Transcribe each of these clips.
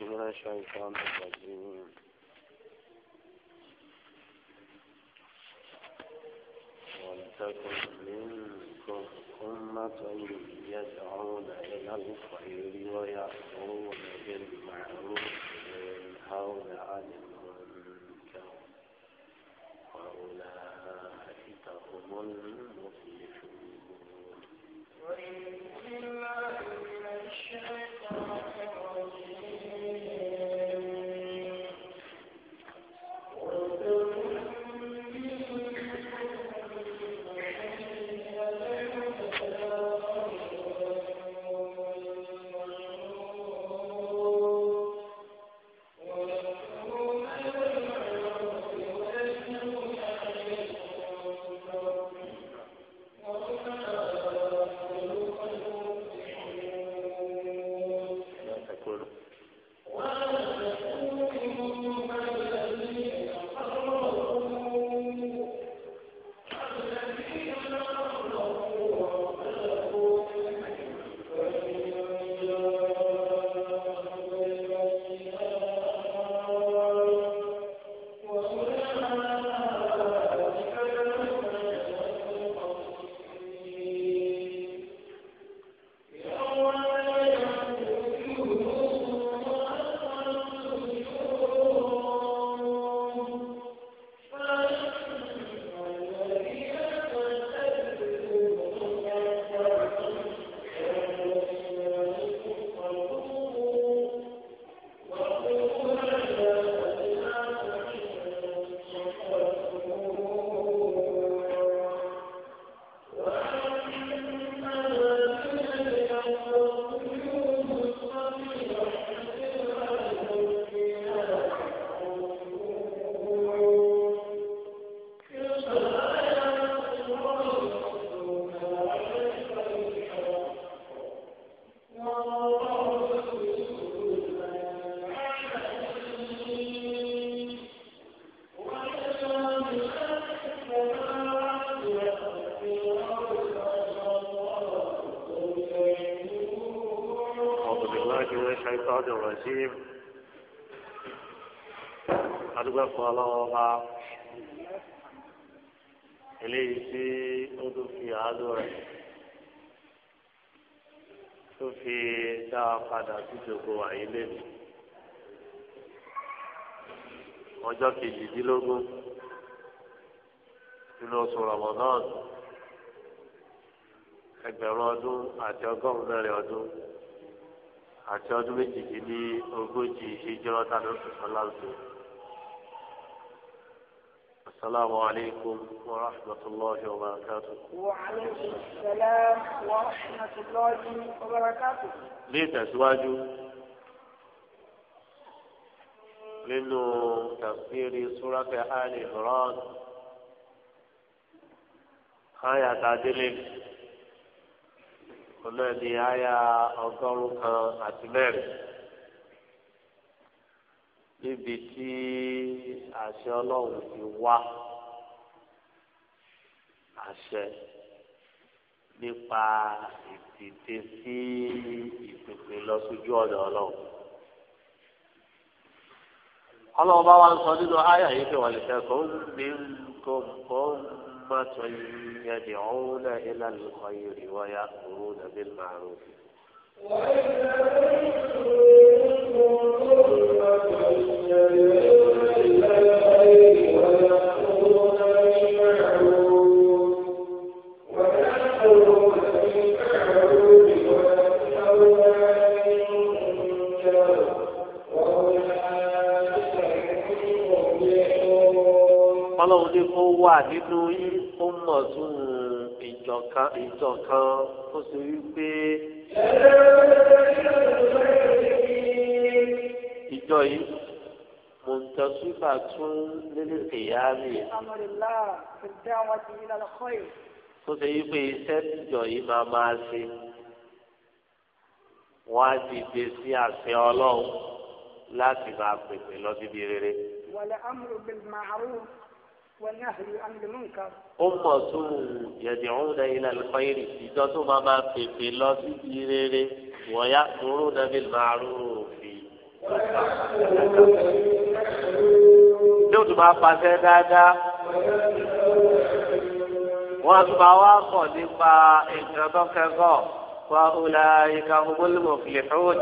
من الشيطان الرجيم ولتكن منكم أمة يدعون إلى الخير ويأمرون بالمعروف وينهون عن المنكر وأولئك fún ọlọ́wọ́ bá eléyìí tí ó tún fi àádó rẹ̀ tó fi dá a padà síjòkó àyè lẹ́nu ọjọ́ kejìdínlógún nínú oṣù Ramadan ẹgbẹ̀rún ọdún àti ọgọ́rùn-ún mẹ́rin ọdún àti ọdún méjìdínlógójì ìṣèjọ́ tánú sọ̀tàn láǹtó. السلام عليكم ورحمة الله وبركاته وعليكم السلام ورحمة الله وبركاته ليه تزواجه لأنه تفسير سورة آل عمران آية تعديل قلنا دي آية أوتار كان níbi tí àṣẹ ọlọ́run ti wá àṣẹ nípa ìdìde sí ìpèpè lọ sójú ọ̀dọ̀ ọlọ́run. ọlọ́run bá wá ń sọ nínú àyà yìí pé wọ́n lè fẹ́ kó ní kó kó má tó yẹ ní ọ̀hún náà ilá lùkọ́ yìí rí wáyà òun nàbí màrún. wọ́n ń sọ nínú ọlọ́run ní kó wà nínú yín ó mọ̀ tún ìjọkan ìjọkan ó sì rí pé ìjọ yìí متصفة للقيام أمر الله في الدعوة إلى الخير تسيبي سجو إمام آسي وادي بسي آسي أولو لا تبعبك لو تبيريري والأمر بالمعروف والنهي عن المنكر أمة يدعون إلى الخير إذا ما ما في تبيريري ويأمرون بالمعروف tí ó tún máa pàṣẹ dáadáa wọ́n tún máa wá kọ̀ nípa nǹkan tó kẹ́kọ̀ọ́ wa ulaika humul muflihun.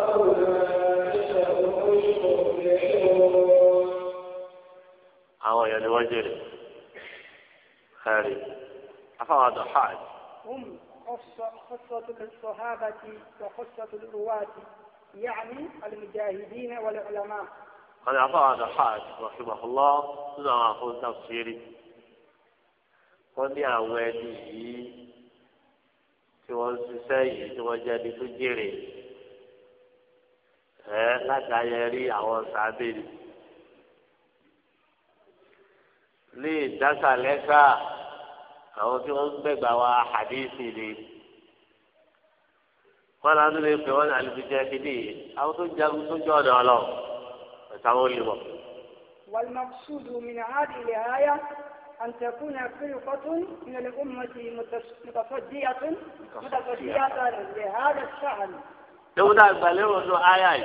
àwọn èèyàn ni wọ́n jèrè خالد أفراد ضحاك هم خصة خصة الصحابة وخصة الرواة يعني المجاهدين والعلماء قد أعطاها الحاج رحمه الله صنع أقول تفسيري wọ́n ní àwọn ẹni yìí tí wọ́n ń ṣiṣẹ́ yìí tí wọ́n jẹ́ ẹni tó jèrè ẹ látàyẹ rí àwọn sábẹ́ni ní ìdásàlẹ́sà àwọn tí wọ́n ń wa hadithi ni. wọn làwọn lè pè wọn àlùfíjẹ ìdí àwọn tó jagun tó jọ ọdọ ọlọ ẹsàwọn olùwọ. والمقصود من هذه الآية أن تكون فرقة من الأمة متصدية متصدية لهذا الشأن. لو ده بلغوا آية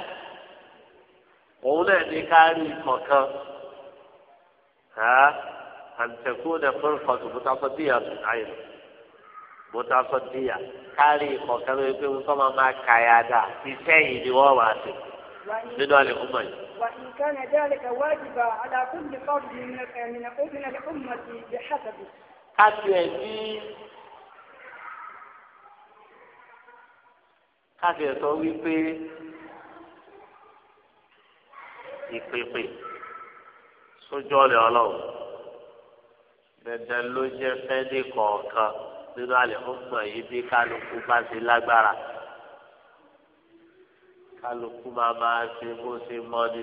òun náà ní ká rí kọ̀ọ̀kan ha àǹtẹ̀kùn náà fún ìfọ̀tòkúta fún díyàtọ̀ àyẹ̀wò. bóta sọ́díyà kárí ìkọ̀kẹ́ lórí pé wọ́n máa máa kà yá dà iṣẹ́ yìí ni wọ́n máa ṣe nínú àlè ọmọ yìí. وإن كان ذلك واجبا على كل فرد من من من الأمة بحسبه. kájú ẹ̀ ní kájú ẹ̀ sọ wípé ìpèpè sójú ọ̀lẹ́ ọlọ́run dandan ló jẹ́ fẹ́ẹ́ dé kọ̀ọ̀kan nínú alẹ́ ọgbọ̀n yìí bí kálukú bá ti lágbára kálukú máa máa ṣe bó ṣe mọ́ ni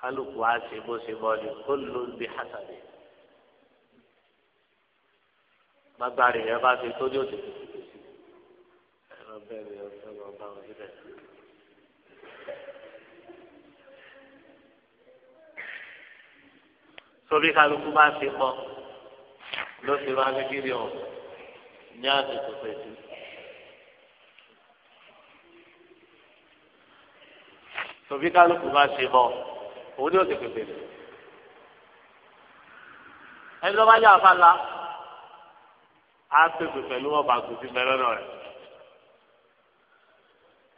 kálukú á ṣe bó ṣe mọ́ ni kó ló ń bí hasabi gbàgbára yẹn bá ṣe tó ní òtún ẹ̀rọ bẹ́ẹ̀ ni lọ bá wọn síbẹ̀. sobi kálukú bá ṣe mọ́ ló ti máa fi kiri o ní àsìkò pẹ̀tù. tòbí kálukú máa ṣe mọ òun ni ó ti pèpè lè. ẹni tó bá yà fa la á pèpè pẹ̀lú ọba àgùntì mẹ́lọ́nà rẹ̀.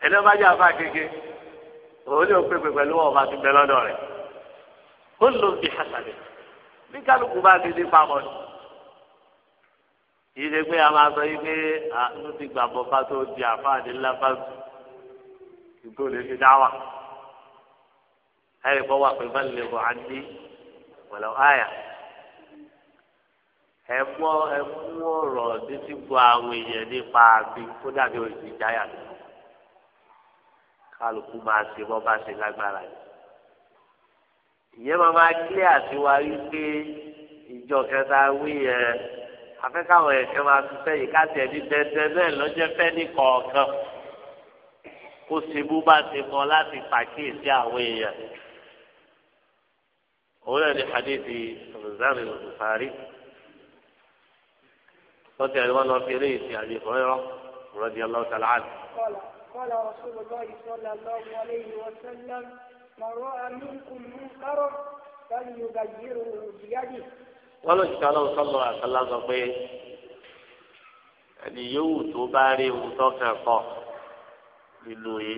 ẹni tó bá yà fa kéke òun ni ó pẹ̀lú ọba àti mẹ́lọ́nà rẹ̀. ó lò ó fi bí kálukú bá ti di pamọ́ ni yìí ṣe pé a máa sọ yìí pé àánú ti gbà bọ́ ká tó di àfáàdé ńlá fásitì ìgbó lè fi dáwà ẹ̀rí kọ́ wà pé bá lè wà á dé pẹ̀lú àyà ẹ̀mú ẹ̀mú ọ̀rọ̀ títí bu àwọn èèyàn nípa àbí kó dàbí òsì jáyà lọ kálukú máa ṣe bọ́ bá ṣe lágbára yìí ìyẹn máa máa kílẹ̀ àtiwárí pé ìjọ kẹta wí yẹn afẹ́káwọn ẹ̀kẹ́ máa ti sẹ́yìn káàtì ẹ̀dí tẹ́tẹ́ bẹ́ẹ̀ lọ́jẹ́ fẹ́ ní kọ̀ọ̀kan kó sebú bá ti mọ láti pàkíyèsí àwọn èèyàn. òun ẹni hadithi rosari lùsàárì lọ́tí ẹni wọn lọ fi eré ìsìn àbí ìfọ̀rẹ́rọ́ rọ́dí ọlọ́ọ̀tà láàbì. قال رسول الله صلى الله عليه وسلم من رأى منكم منكرا فليغيره بيده wọn lọ sí ọlọ́run sọlọ àtàlà sọ pé ẹni yòówù tó bá rí ewu tó kàn kọ nínú yìí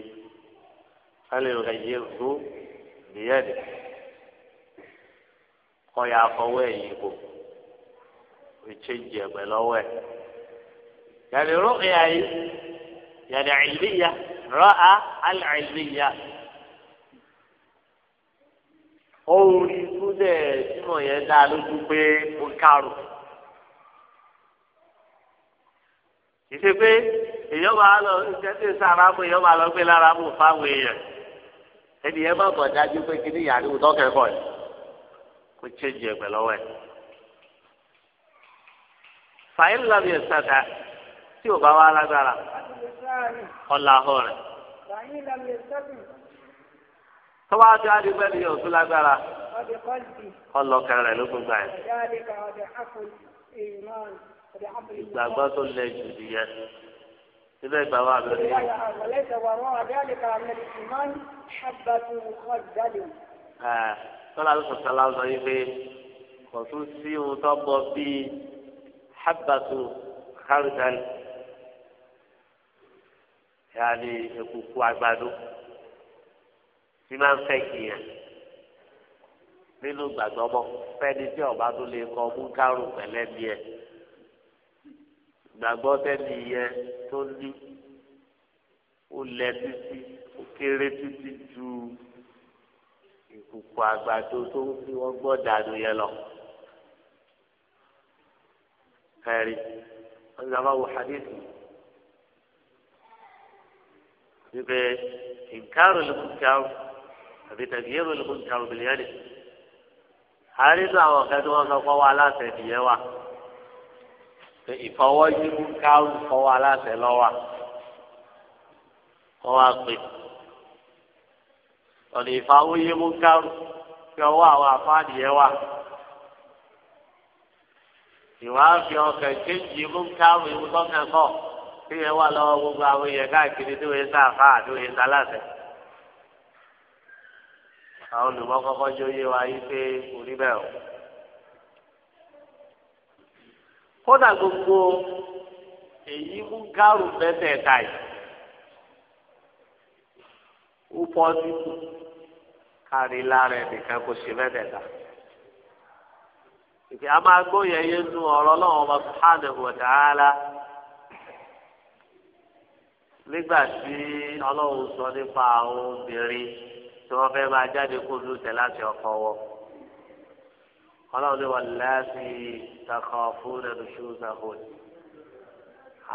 kálí ẹyẹ rú nìyẹn kọyà fọwọ́ ẹ̀yìn kò ìchéjì ẹgbẹ lọ́wọ́ ẹ yàrá rúkìá yìí yàrá ìlíya rọ́à àlàìlíya òun ikú dẹ̀ mímọ̀ yẹn dá lójú pé ó kárò. ìṣe pé èèyàn lọ ìṣẹ́sẹ̀ sára mú èèyàn lọ gbé lára mú fáwọn èèyàn ẹni yẹn má bọ̀ dájú pé kí ni ìyàrá ìwò tọ́kẹ́kọ̀ọ́ yìí kó chéjì ẹgbẹ́ lọ́wọ́ ẹ̀. fàyín lọ́bì ìsàdá tí ò bá wà lágbára ọ̀làhùn rẹ̀. fàyín lọ́bì ìsàdá tọ́wọ́ àti adigun ẹni yóò tún lágbára ọlọ́kẹ́ rẹ̀ ló gbogbo ẹ̀. ìgbàgbọ́ tó lẹ jù nìyẹn síbẹ̀ ìgbà wà lórí. tọ́lá ló sọ̀tà láwùjọ yìí pé kò tún sí ohun tó bọ bíi habatu kárìdánì yàrá ni èkùkù àgbàdo tí máa ń fẹ́ kìyàn nínú gbàgbọ́ ọmọ fẹ́ni tí ọba tó lè kọ́ mú kárùn pẹ̀lẹ́ bí ẹ gbàgbọ́ tẹ́ni yẹ tó ní ó lẹ títí ó kéré títí ju ìkùkù àgbàdo tó ń fi wọ́n gbọ́ dànù yẹn lọ. ẹ̀rí wọ́n ti wọ́n wọ hadithi wípé ìkárùn ló kú kárùn àbí tẹ̀gìyẹ́rù lóko ìjàrò bìlíẹ̀ ni. àrídùn àwọn ọ̀kẹ́ tí wọ́n sọ fọ́ wa aláṣẹ ìdíyẹ wa ìfọwọ́yí ń kárù fọwọ́ aláṣẹ lọ́wọ́ kọ́ wa pè ọ̀nà ìfọwọ́yí ń kárù fi ọwọ́ àwọn àfáàdìyẹ wa ìwà fi ọkàn kéjì mú káwọn ìwúkọ́ kẹ́kọ̀ọ́ tí yẹn wà lọ́wọ́ gbogbo àwọn èèyàn káàkiri tí yẹ sáfà àti wọ́n yẹ àwọn olùmọ̀ kọ́kọ́ jó yé wa yí pé kò rí bẹ́ẹ̀ o. kódà gbogbo èyí mú gáàrú mẹ́tẹ̀ẹ̀ta yìí ó pọ́ sí kárí lára ẹnìkan kò ṣe mẹ́tẹ̀ẹ̀ta. ìpè a máa gbóyè yé nu ọ̀rọ̀ ọlọ́run ọba subhanahu wa ta'ala nígbà tí ọlọ́run sọ nípa àwọn obìnrin tí wọ́n fẹ́ máa jáde kó lu tẹ̀ láti ọkọ̀ wọ. ọlọ́run ní wọn láti takọ̀ fún ẹnu ṣúùsà hòn.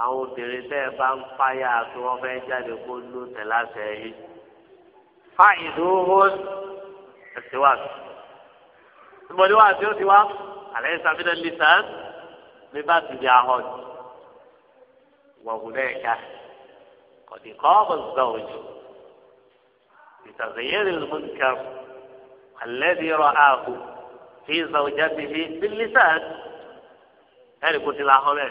àwọn obìnrin tẹ́ ẹ bá ń páyà tí wọ́n fẹ́ jáde kó lu tẹ̀ láti ẹ̀yìn. fáìlú hón ẹ̀sìn wà. ìmọ̀lẹ́ wà tí ó ti àlẹ́ ìsàfihàn lìsàn ní bá ti di ahọ́n. wọ̀hùn náà ká kọ̀dí kọ́ بتغيير المنكر الذي رآه في زوجته باللسان هل قلت لها هنا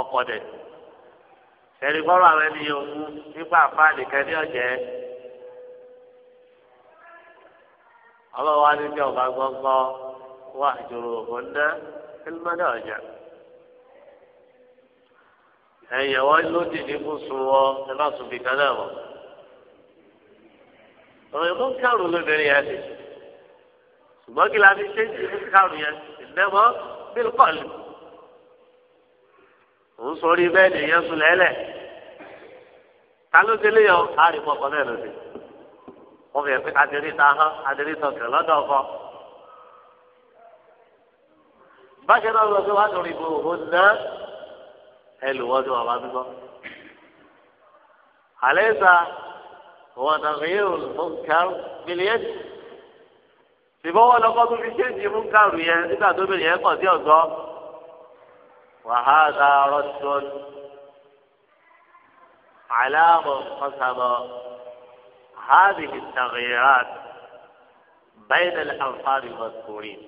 ọkọdẹ ẹni gbọ́dọ̀ àwọn ẹni yòókù nípa àfáàní kẹ́ni ọ̀jẹ́ ọlọ́wọ́ á ní bí ọba gbọ́ngbọ́ wà jòrò òun ná ẹlẹ́mọ́dé ọ̀jẹ́ ẹ̀yẹ̀ wọ́n lódì ní kó sun wọ́n ẹ bá sun bìkan náà wọ̀ ọ̀rọ̀ yìí kò ń kárù lóbìnrin yẹn lè ṣùgbọ́n kí la fi ṣe ń ti fún kárù yẹn ìdẹ́mọ́ bílkọ̀lì òun sọrí bẹ́ẹ̀ ni yẹn sùn lẹ́lẹ̀ ta ló délé yọ àrìmọ̀ kan náà lòdì wọ́n fi ẹ̀fẹ́ adìrí ta hán adìrí tàn kẹ̀ lọ́dọ̀ ọkọ. báṣẹ náà lọ sí wàá lórí ìbò òhun náà ẹ lò wọ́n ní wàá bá mímọ́. àlẹ́ sá. وتغيير المنكر باليد ṣùgbọ́n wọn lọ́kọ́ tó fi ṣéǹjì mú kàrú yẹn nígbà tó bẹ̀rẹ̀ yẹn kàn sí ọ̀gọ́ wàhálà rọ́ṣọ́n àlàmọ̀ ọ̀sàmọ̀ هذه التغييرات بين الأنصار المذكورين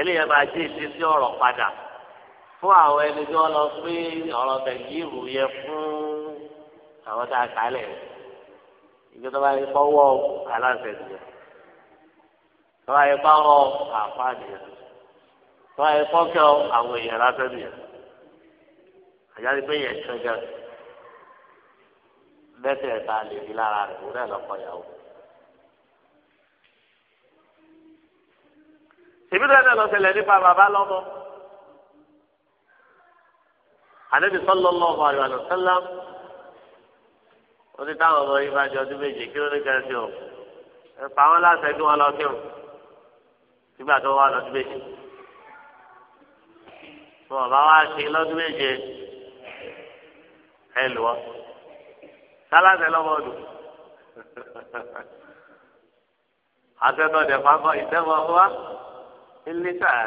eléyà máa jẹ́ ìṣesí ọ̀rọ̀ padà fún àwọn ẹni tí wọ́n lọ pé ọ̀rọ̀ bẹ̀gì ìrù yẹ fún àwọn tá a kálẹ̀ rẹ̀ ìgbé tó bá yẹ kó wọ́ aláǹsẹ̀ nìyẹn tó bá yẹ kó wọ́ àfa nìyẹn tó bá yẹ kó kẹ́ àwọn èèyàn lásán nìyẹn àyàlí pé yẹn kankan mẹ́tẹ̀ẹ̀ta lè rí lára rẹ̀ òun náà lọ́kọ̀ ìyàwó. èmi náà lọ ṣẹlẹ̀ nípa bàbá lọ́mọ. Ànábì sallallahu alaihi wa sallam wọ́n ti táwọn ọmọ yìí bá jọ ọdún méje kí ló ní kẹrin sí o ẹ pa wọn láṣẹ kí wọn lọ kí o nígbà tó wà lọ́dún méje tó ọba wa ṣe lọ́dún méje ẹ lù ọ sálàṣẹ lọ́mọdù àtẹnudẹ fagbọ ìtẹwọ wa ilé sáà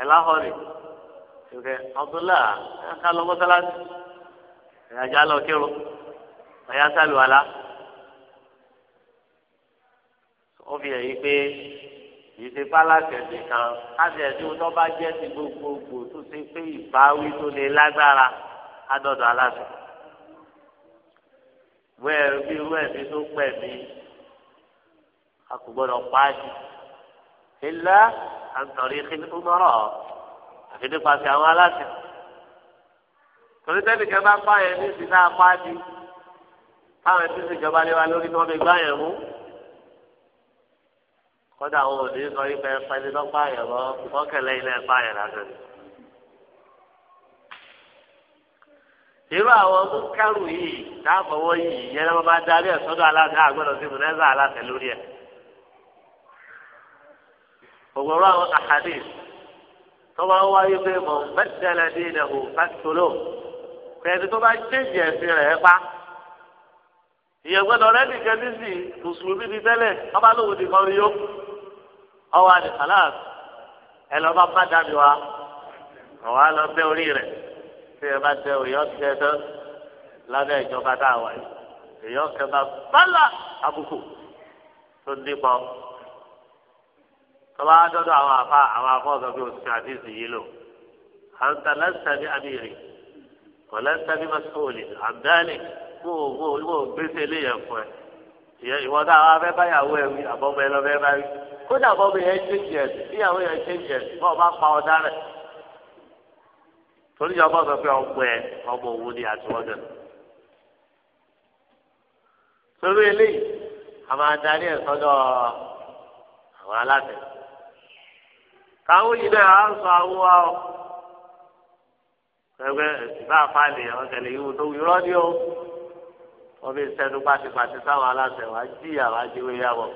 ẹ láhọrì ọdún là ká lọ mọ́sálásí ìrìnàjò alọ kírun ọyá sálùwàlá ó fi hàn yí pé ìṣe pálásì ẹ̀sìn kan láti ẹ̀sìn tó bá jẹ́ ti gbogbogbò tó ṣe pé ìbáwí tó lè lágbára adọ́dọ̀ aláṣẹ. wẹ́ẹ̀ bí irú ẹ̀mí tó pẹ̀ mí a kò gbọ́dọ̀ páàdì. ilá àǹtọ̀rí kí ni ó mọ̀rọ̀ àfi nípasẹ̀ àwọn aláṣẹ torí tẹ́nìkẹ́ bá pa yẹn ní ìsìn náà pa á di táwọn ẹbí ìṣèjọba lé wa lórí ni wọ́n fi gbá yẹn mú kódà àwọn òní sọ yìí fẹ́ fẹ́ni lọ́ pa yẹn lọ mọ́kànlẹ́ ilé pa yẹn lásán ni. irú àwọn mú-kẹ́rù yìí dáàbọ̀wọ́ yìí yẹn lọ́wọ́ bá darí ẹ̀ sọ́dọ̀ aláṣẹ àgbọ̀dọ̀ sí mùnẹ́sà aláṣẹ lórí ẹ̀. ògbòrò àwọn àhàdì tó máa wáyé pé mọ̀ mẹ́tẹ́lẹ́dínlẹ̀ fẹ́ kẹ̀sì tó bá jẹ́jì ẹ̀sìn rẹ̀ pa ìyẹ̀gbọ́dọ̀ rẹ̀ nìkan ní sì mùsùlùmí ti tẹ́lẹ̀ ọba lòun ti kọrin yó ọwọ́ àdì kàlàs ẹ lọ bá bá dàbí wa ọ̀wá lọ bẹ́ orí rẹ̀ tí ẹ bá tẹ òyìn ọ̀tí ẹ tán lábẹ́ ìjọba tá a wà yìí èyí ọ̀kẹ́ bá bálà àbùkù tó ń dípọ̀ tọ́ba dọ́dọ̀ àwọn àfa àwọn afọ́ ọ̀gá bí òsì àdìsí yìí lò àǹtà lẹ́sẹ̀ ní àmì rè kọ̀lá sábì masóòlì àbdálì kó o kó o gbèsè léyà fún ẹ ìwọ náà wà fẹ́ ẹ wí àbọ̀mọ ẹ lọ fẹ́ bá wí kódà bọ́mọ yẹn ṣe jẹ ìyàwó yẹn ṣe jẹ bọ́ọ̀ bá pa ọ̀dá rẹ̀ torí ìjọba sọ pé ọgbọ ẹ ọgbọ òun ni àtiwọ́jọ torí eléyìí a máa darí ẹ sọ́dọ̀ àwọn aláṣẹ káwọn yìí náà á sọ àwọn ọ ẹgbẹ́ ìbá àfáàlì ọ̀tẹ̀lẹ̀ yìí tó irọ́ ni ó wọ́n fi sẹ́nu pàṣípàṣí sáwọn aláṣẹ wá jìyà wá jíwé yàwọ̀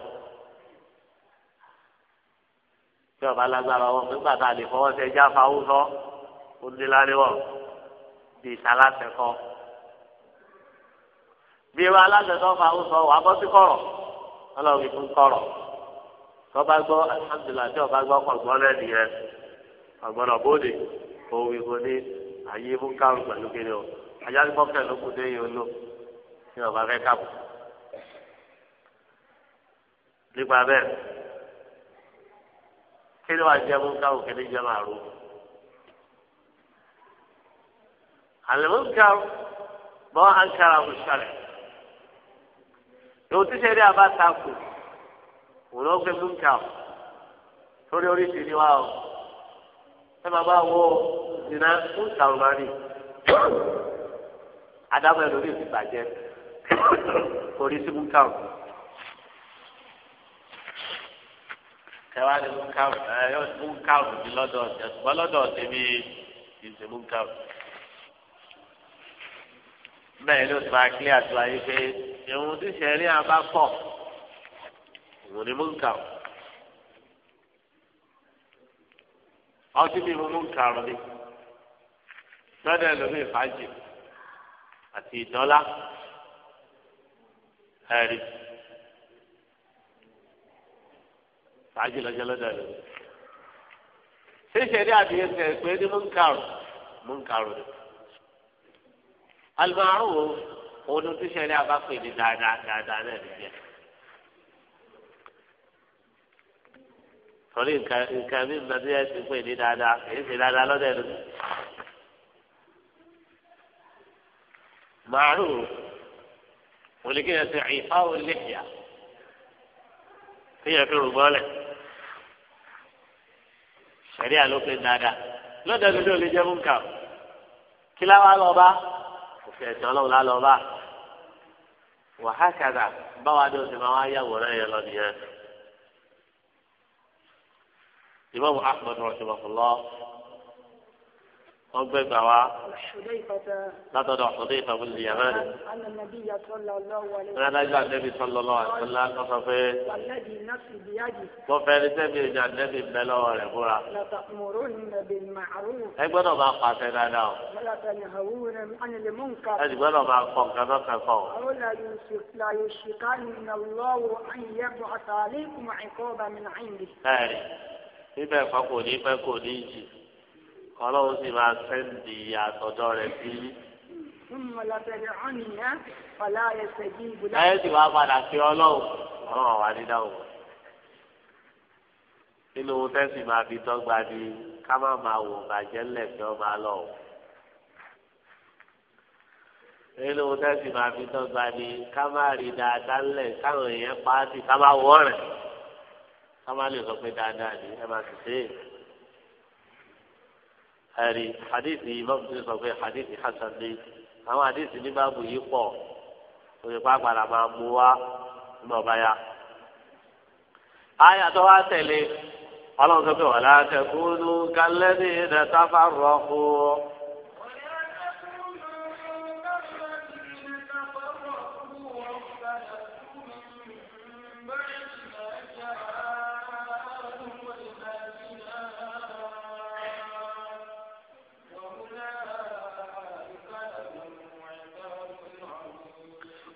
tí ọba lágbára wọn nígbà tá a lè fọwọ́ sẹ já fáwọn sọ ó ní láríwọ̀ bí ìsàlásẹ kọ bí irú aláṣẹ tó fáwọn sọ wà bọ́ sí kọ̀rọ̀ ọlọ́run fún kọ̀rọ̀ tọ́ba gbọ́ alhamdulilayi tí ọba gbọ́ kọ̀gbọ́n lẹ́nu yẹn ọ̀gbọ́n ọ̀bọ́dè òun ìbò ayé mú kárùn pẹ̀lú kiri o ajálùbọ́kẹ́ ló kù dé yìí ló ní ọba fẹ́ kábù. nípa bẹ́ẹ̀ kí ni wàá jẹ́ mú kárùn kí ni jẹ́ màrú. àlùmọ́ kárùn bọ́ àǹkárá kù sálẹ̀. èwo tí sẹ́ni àbá ta kù òun ló gbé mú kárùn torí o ẹ máa bá wo ìná fún sàrùmárì adámọ̀ ẹ̀rọ yóò ti bàjẹ́ orí sí bukam kẹwàá ní bukam ẹ yọ sí bukam ní lọ́dọ̀ ọ̀tẹ̀ ṣùgbọ́n lọ́dọ̀ ọ̀tẹ̀ mi ìsìn bukam bẹ́ẹ̀ ló ti máa kílẹ̀ àti wáyé pé ìhun tí sẹ́rí abá pọ̀ ìhun ní bukam lọ́dọ̀ ẹlòmí ìfàjì àti ìdọ́lá ẹ̀rí ìfàjì lọ́jọ́ lọ́dọ̀ ẹlòmí. ṣíṣe ní àdìyẹ tẹ̀ pé ní múnkàrù múnkàrù ni. alùpàrọ̀ wo òun ti ṣe ní abápè ní dáadáa dáadáa náà nìyẹn. torí nǹkan nǹkan mi nǹkan tó yẹ ti pè ní dáadáa èyí ṣe dáadáa lọ́dọ̀ ẹlòmí. معروف ولكن إعفاء اللحية هي في رجالة شريعة لو في دادا لو دادا لو اللي جابون كام كلا ما وفي أسئلة لا وهكذا بوادو سماوية ولا يلونيات إمام أحمد رحمه الله ọgbẹ́ gbà wá látọ̀dọ̀ ọ̀sọ̀dé ìtàbí ìlú yàrá rẹ̀. Rádájú àdébí sọ́lọ́ lọ́wọ́ àtúnlá tó sọ pé bọ́fẹ́ ní tẹ́bí ìjà àdébí bẹ́ lọ́wọ́ rẹ̀ búra. Ẹ gbọ́dọ̀ máa pàṣẹ dáadáa o. Ẹ sì gbọ́dọ̀ máa kọ̀ nǹkan tó kẹ́kọ̀ọ́ o. Bẹ́ẹ̀ni, bíbẹ̀ kan kò ní pẹ́ kò ní jì kọlọ́wọ́ sì máa sẹ́ǹdì àtọ̀dọ́ rẹ̀ sí i. láyé sì wá padà sí ọlọ́run ọlọ́run wà ní dáhùn. nínú ohun tẹ́sí máa fi dọ́gba ni ká má máa wò bàjẹ́ ńlẹ̀ kí wọ́n máa lọ. nínú ohun tẹ́sí máa fi dọ́gba ni ká má rí dáadáa ńlẹ̀ káwọn èèyàn pa á sí ká má wọ́ rẹ̀ ká má lè sọ pé dáadáa ni ẹ má sì ṣe é ẹ̀rí hadithi imọ́bùsùn sọ pé hadithi hasan ni àwọn hadithi ní báàbù yìí pọ̀ òyìnbó àgbàlá máa mú wá nínú ọba ya. àyà tó tẹ̀lé ọlọ́run sọ pé wàlá tẹ̀kúnú kálẹ́dì ìdẹ́sáfà rọ̀ fún ọ.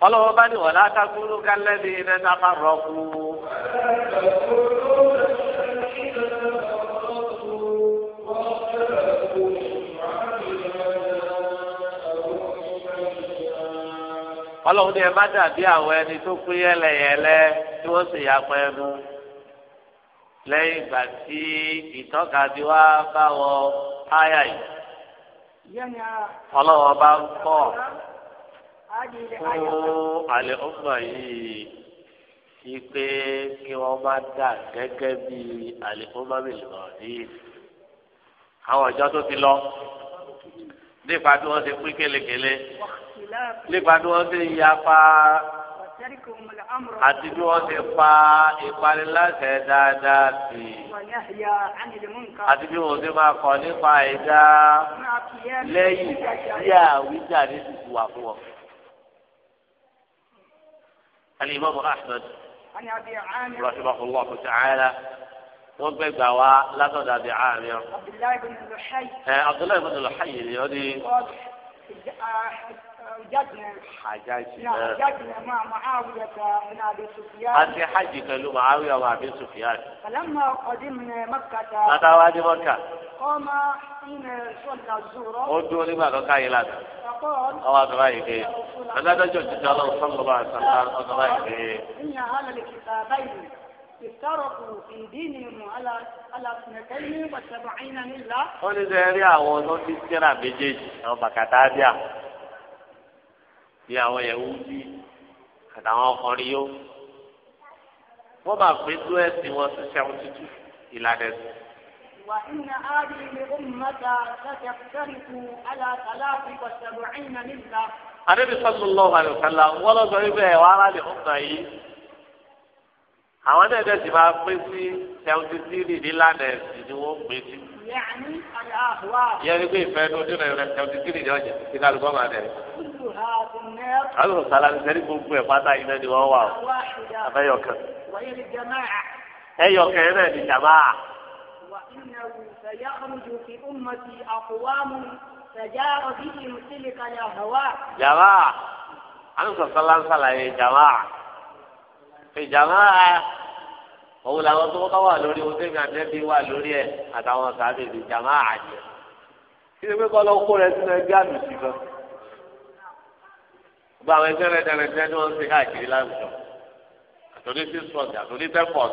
ọlọ́wọ́ bá ní wọ̀lá kákúrú kálẹ́bí iná sábà rọ́kú. ọlọ́run ní ẹ má dàbí àwọn ẹni tó kú yẹ́lẹyẹ̀lẹ tí wọ́n sì yàpọ̀ ẹnu lẹ́yìn ìgbà tí ìtọ́ka ti wá bá wọ áyà yìí ọlọ́run bá ń kọ́ ọ fún àlẹ́ ọmọ yìí sí pé kí wọ́n má dà gẹ́gẹ́ bí àlẹ́ ọmọ mi lọ rí àwọn ìjọ tó ti lọ nípa tí wọ́n ti pín kélekèle nípa tí wọ́n ti yapa àti bí wọ́n ti pa ìpaniláṣẹ dáadáa sí i àti bí wọ́n ti máa kọ́ nípa ẹ̀dá lẹ́yìn tí àwíjà ní ti wà fún wọn. الإمام أحمد رحمه الله تعالى وقبل دواء لا تدع بعامر عبد الله بن لحي عبد الله بن لحي يعني وزوجتنا حجاجنا حجاجنا مع معاوية بن أبي سفيان أنت حج كلو معاوية وأبي سفيان فلما قدمنا مكة أتى مكة قام حين صلى الزور ودوني ما كان يلادا فقال أو أدرائك أنا رجل جل صلى الله عليه وسلم أدرائك إن هذا الكتابين افترقوا في دينهم على على اثنتين وسبعين ملة. قل ذلك أو نوتي سيرة بجيش أو بكتابيا bí àwọn Yẹhudi àtàwọn ọkùnrin yó wọ́n bá pé tó ẹ̀sìn wọn sí seventy two ìlànà ẹ̀sìn. وإن هذه الأمة ستفترق على ثلاث وسبعين ملة. النبي صلى الله عليه وسلم ولا ضريبة ولا لأمة àwọn náà sì máa pín sí seventy three nílànà ẹ̀sìn ni wọ́n pín sí. yẹ́nì pé ìfẹ́ ní ojú rẹ̀ seventy alùpùpù sálá ní sẹ́ni gbogbo ẹ̀ pátá iná ni wọ́n wà ó abẹ́yọkàn ẹ̀yọkàn ẹ̀ náà ni jàmbá. jàmbá alùpùpù sálá ń sàlàyé jàmbá ìjàmbá òun làwọn tó kọ́ wà lórí ohun tẹ́mi àtẹ́bí wà lórí ẹ̀ àtàwọn sàbẹ̀bí jàmbá àjẹ. kí ni pé kọ́ ló rẹ sínú ẹgbẹ́ àmì sí kan gbogbo àwọn ẹgbẹ́ rẹ̀ dẹrẹ̀dẹ́ ni wọ́n ń ṣe káàkiri láwùjọ àtòlí sí sọ̀tì àtòlí tẹ́pọ̀t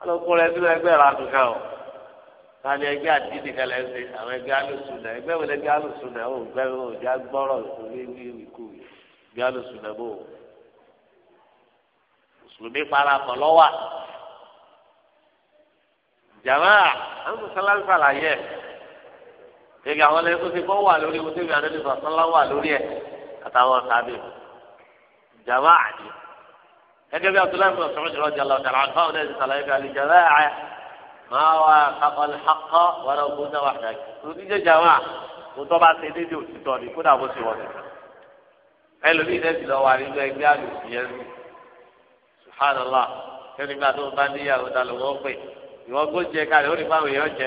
alùpùpù rẹ̀ nínú ẹgbẹ́ rẹ̀ àdùnkà ọ̀ tani ẹgbẹ́ àdìdì kẹlẹ̀ ń ṣe àwọn ẹgbẹ́ alùsùnà ẹgbẹ́ wọlé ẹgbẹ́ alùsùnà ó gbẹ́ òjá gbọ́rọ̀ ìkúwé ìkúwé ẹgbẹ́ alùsùnà bò mùsùlùmí parapọ̀ lọ́wà jamaa àwọn sọlá ń sàlàyé ẹgbẹ́ àwọn ẹlẹ́kọ́ ti kọ́ wà lórí mo tẹ́bi àdéhùn sọ̀tàn lá wà lórí ẹ̀ àtàwọn sábẹ jàmbá àdé gẹ́gẹ́ bí abdullahi bin sọmọdé rọjò aláwọ tààrà àgbà ọdẹ ẹsẹ sàlàyé bí alẹ jàmbá àyà máa wà kápọlì xaqọ wàlẹ ògùn náà wà fẹ òdíjẹ jàmbá òtọ́ bá ṣe déédéé òtítọ́ ni kódà bó ṣe wọ̀ ẹlòmíì náà ti lọ wà nínú ẹgbẹ́ àlùsí yẹn subhanallah kẹ́ni gbà tó ń bá níyàwó ta ló wọ́n pè ìwọ kó jẹ káàdì ó ní báwọn èèyàn jẹ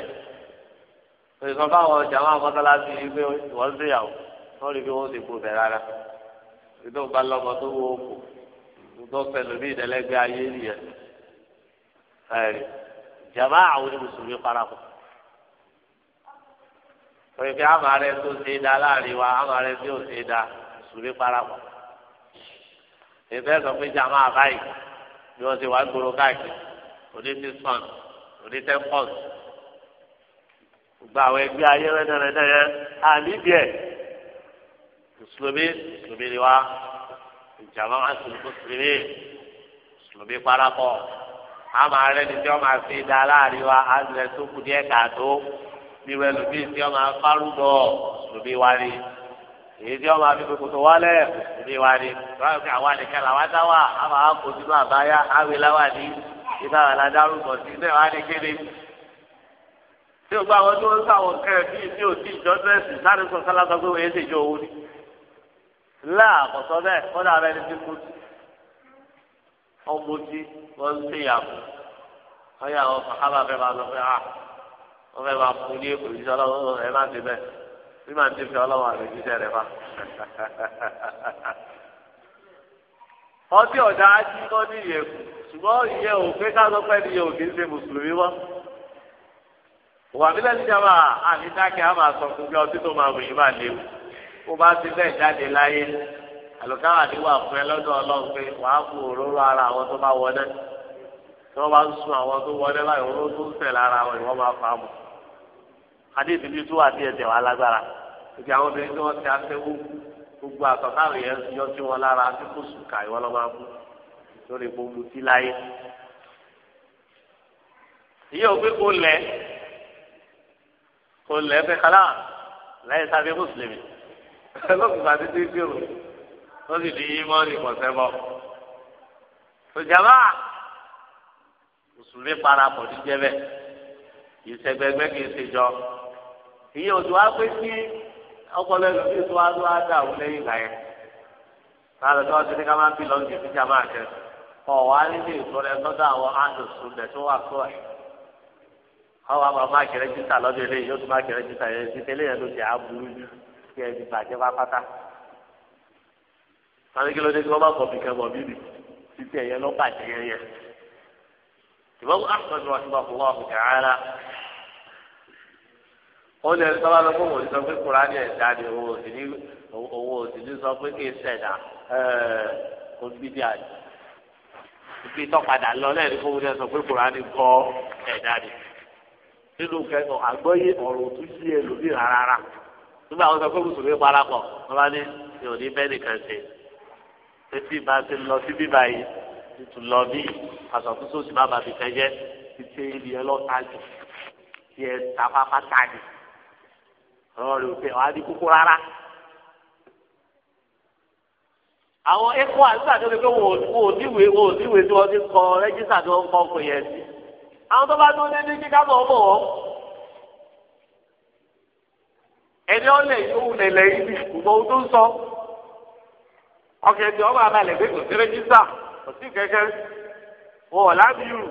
òṣìṣẹ́ báwọn ọjà wọ́n rí bí wọ́n ti kú bẹ̀ rárá ìdó ba lọ́mọ tó wọ́ òkú ìdó pẹ̀lú bí ìdẹ́lẹ́gbẹ́ ayé nìyẹn ẹ̀rí jàmbá àwọn onímùsùlùmí parapọ̀ pẹ̀lú pé àmà rẹ tó ṣe é da láàrin wa àmà rẹ tí ò ṣe é da mùsùlùmí parapọ̀ ìfẹ́ sọ pé jàmbá àbáyé bí wọ́n ti wá gbòòrò káàkiri òní ti sàn òní tẹ́ pọ́s gbogbo àwọn ẹgbẹ́ ayé rẹ̀ dẹ́rẹ́dẹ́rẹ́ àníbi ẹ̀ mùsùlùmí mùsùlùmí ni wá ìjàmbá máa ń sùn mùsùlùmí mùsùlùmí parapọ̀ a máa rẹ ni tí wọ́n máa fi da láàrin wa á lẹ tó kù díẹ̀ kàtó bí wọ́n lùmí tí wọ́n máa fárúgbọ̀ mùsùlùmí wá ni èyí tí wọn máa fi kòkòtò wálẹ̀ ní wa ni báwo kí àwa nìkan làwa dá wà á máa kó sínú àbáyá áwé láwà ní ìta àlà dárúkọ sí ilé wa ní kéde. ń sọ àwọn bíi tí o ti jọ dẹ́sì sáré sọ sálá sọ pé wọ́n yé ṣèjọ owó ni láàkọ̀sọ́ bẹ́ẹ̀ kọ́dà bẹ́ẹ̀ ni dínkù ọmọdé wọ́n ń ṣèyàwó wọ́n yà wọ́n fàkàbà fẹ́ máa lọ fẹ́ hà wọ́n fẹ́ máa fún ní èkó ìṣọ́ ọlọ́wọ́ ẹ má ti bẹ́ẹ̀ bí màá ti fi ọlọ́wọ́ àgbẹ̀ jíṣẹ́ rẹ̀ fa. ọtí ọ̀dà ají kọ́ ní ìyẹ̀kù ṣùgbọ́n ìyẹ̀ òfin káàtó pẹ́ ní ìyẹ̀kù kì í ṣe mùsùlùmí mọ́. wà mí lẹ́nu jàmbá dákẹ́ á máa sọ fún bí ọtí tó máa wù yín máa léwu kó bá ti bẹ́ẹ̀ jáde láyé àlùkáwà ní wà fún ẹ lọ́dọ̀ ọlọ́run pé wàá kú òróró ara àwọn tó bá wọlé tí wọ́n bá ń sun àwọn tó wọlé láì òróró tó ń tẹ̀ lára wọn ìwọ́n máa fà á mọ̀ adéèdè bíi tó wà sí ẹsẹ̀ wà lágbára ìgbà àwọn obìnrin tí wọ́n ti afẹ́wó gbogbo àtọ̀káwé yẹn yọ sí wọn lára tí kò sùn ká ìwọ́n lọ́ máa kú lórí gbogbo tí láyé ìyá òfin kò lẹ̀ kò lẹ̀ fẹ́ kálá láyé sábẹ́ mùsùlùmí. lọ́kùnrin bá ti dé kírun di sì ní ímọ́ọ̀nì kọ̀sẹ́bọ̀. sọ̀jàmá mùsùlùmí parapọ̀ ní jẹ́bẹ̀ kì í sẹ́gbẹ́gbẹ́ kì í ṣèjọ. ìyẹn òjò wá pé kí ọpọlọ ẹlò bíi tó tó wá dà lẹ́yìn ìgbà yẹn. sáré tó ti ní ká máa ń bí lọ́ọ̀gì fún jàmá kẹ. ọ̀wá nílé ìtọ́lẹ̀ lọ́dọ̀ àwọn àdùsùn lẹ̀ tó wà tó ẹ̀. ọwọ́ àwọn máa yóò tún máa yẹn tí ẹ ti bàjẹ́ pápátá. sáré kí ló dé kí wọ́n bá kọ̀ bí kẹ́mọ̀ bí nì títí ẹ̀yẹ ló bàjẹ́ yẹn yẹn. ìmọ̀mù ahmed rahimahullahu ta'ala ó lè sọ wá lọ fún òun sọ pé kúránì ẹ̀dá ni òun ò ní òun ò ní sọ pé kí n sẹ̀dá kó gbídí àjò ibi tọ́padà lọ sọ pé ni nínú kẹ́kọ̀ọ́ ọ̀rọ̀ òtún sí ẹlòmíràn nígbà wọn sọ pé mùsùlùmí parapọ̀ wọn bá ní yóò ní bẹ́ẹ̀ nìkan ṣe títí bá ti lọ sí bíbá yìí tuntun lọ bí aṣọ àtúnṣe òsì má bàa fi fẹ́ jẹ́ títí ibi ẹ lọ́ta jù tí ẹ ta pápá ta jù ọ̀rọ̀ rẹ̀ ò fẹ́ wàá di kúkú rárá. àwọn ẹ̀kọ́ àdúrà tó ní pé wò ó níwèé wò ó níwèé tí wọ́n ti kọ rẹ́jísà tí wọ́n kọ́ ọkọ̀ yẹn sí. àwọn tó bá tó ní ní kíkà mọ̀ ọ́ mọ̀ ọ́ ẹni ọlẹ yóò lẹlẹ ibi ṣùgbọ́n o tó ń sọ ọkẹ tí ọba abalẹ gbé kò sí rẹjísà kò sí kẹkẹ wọn ò lábìrù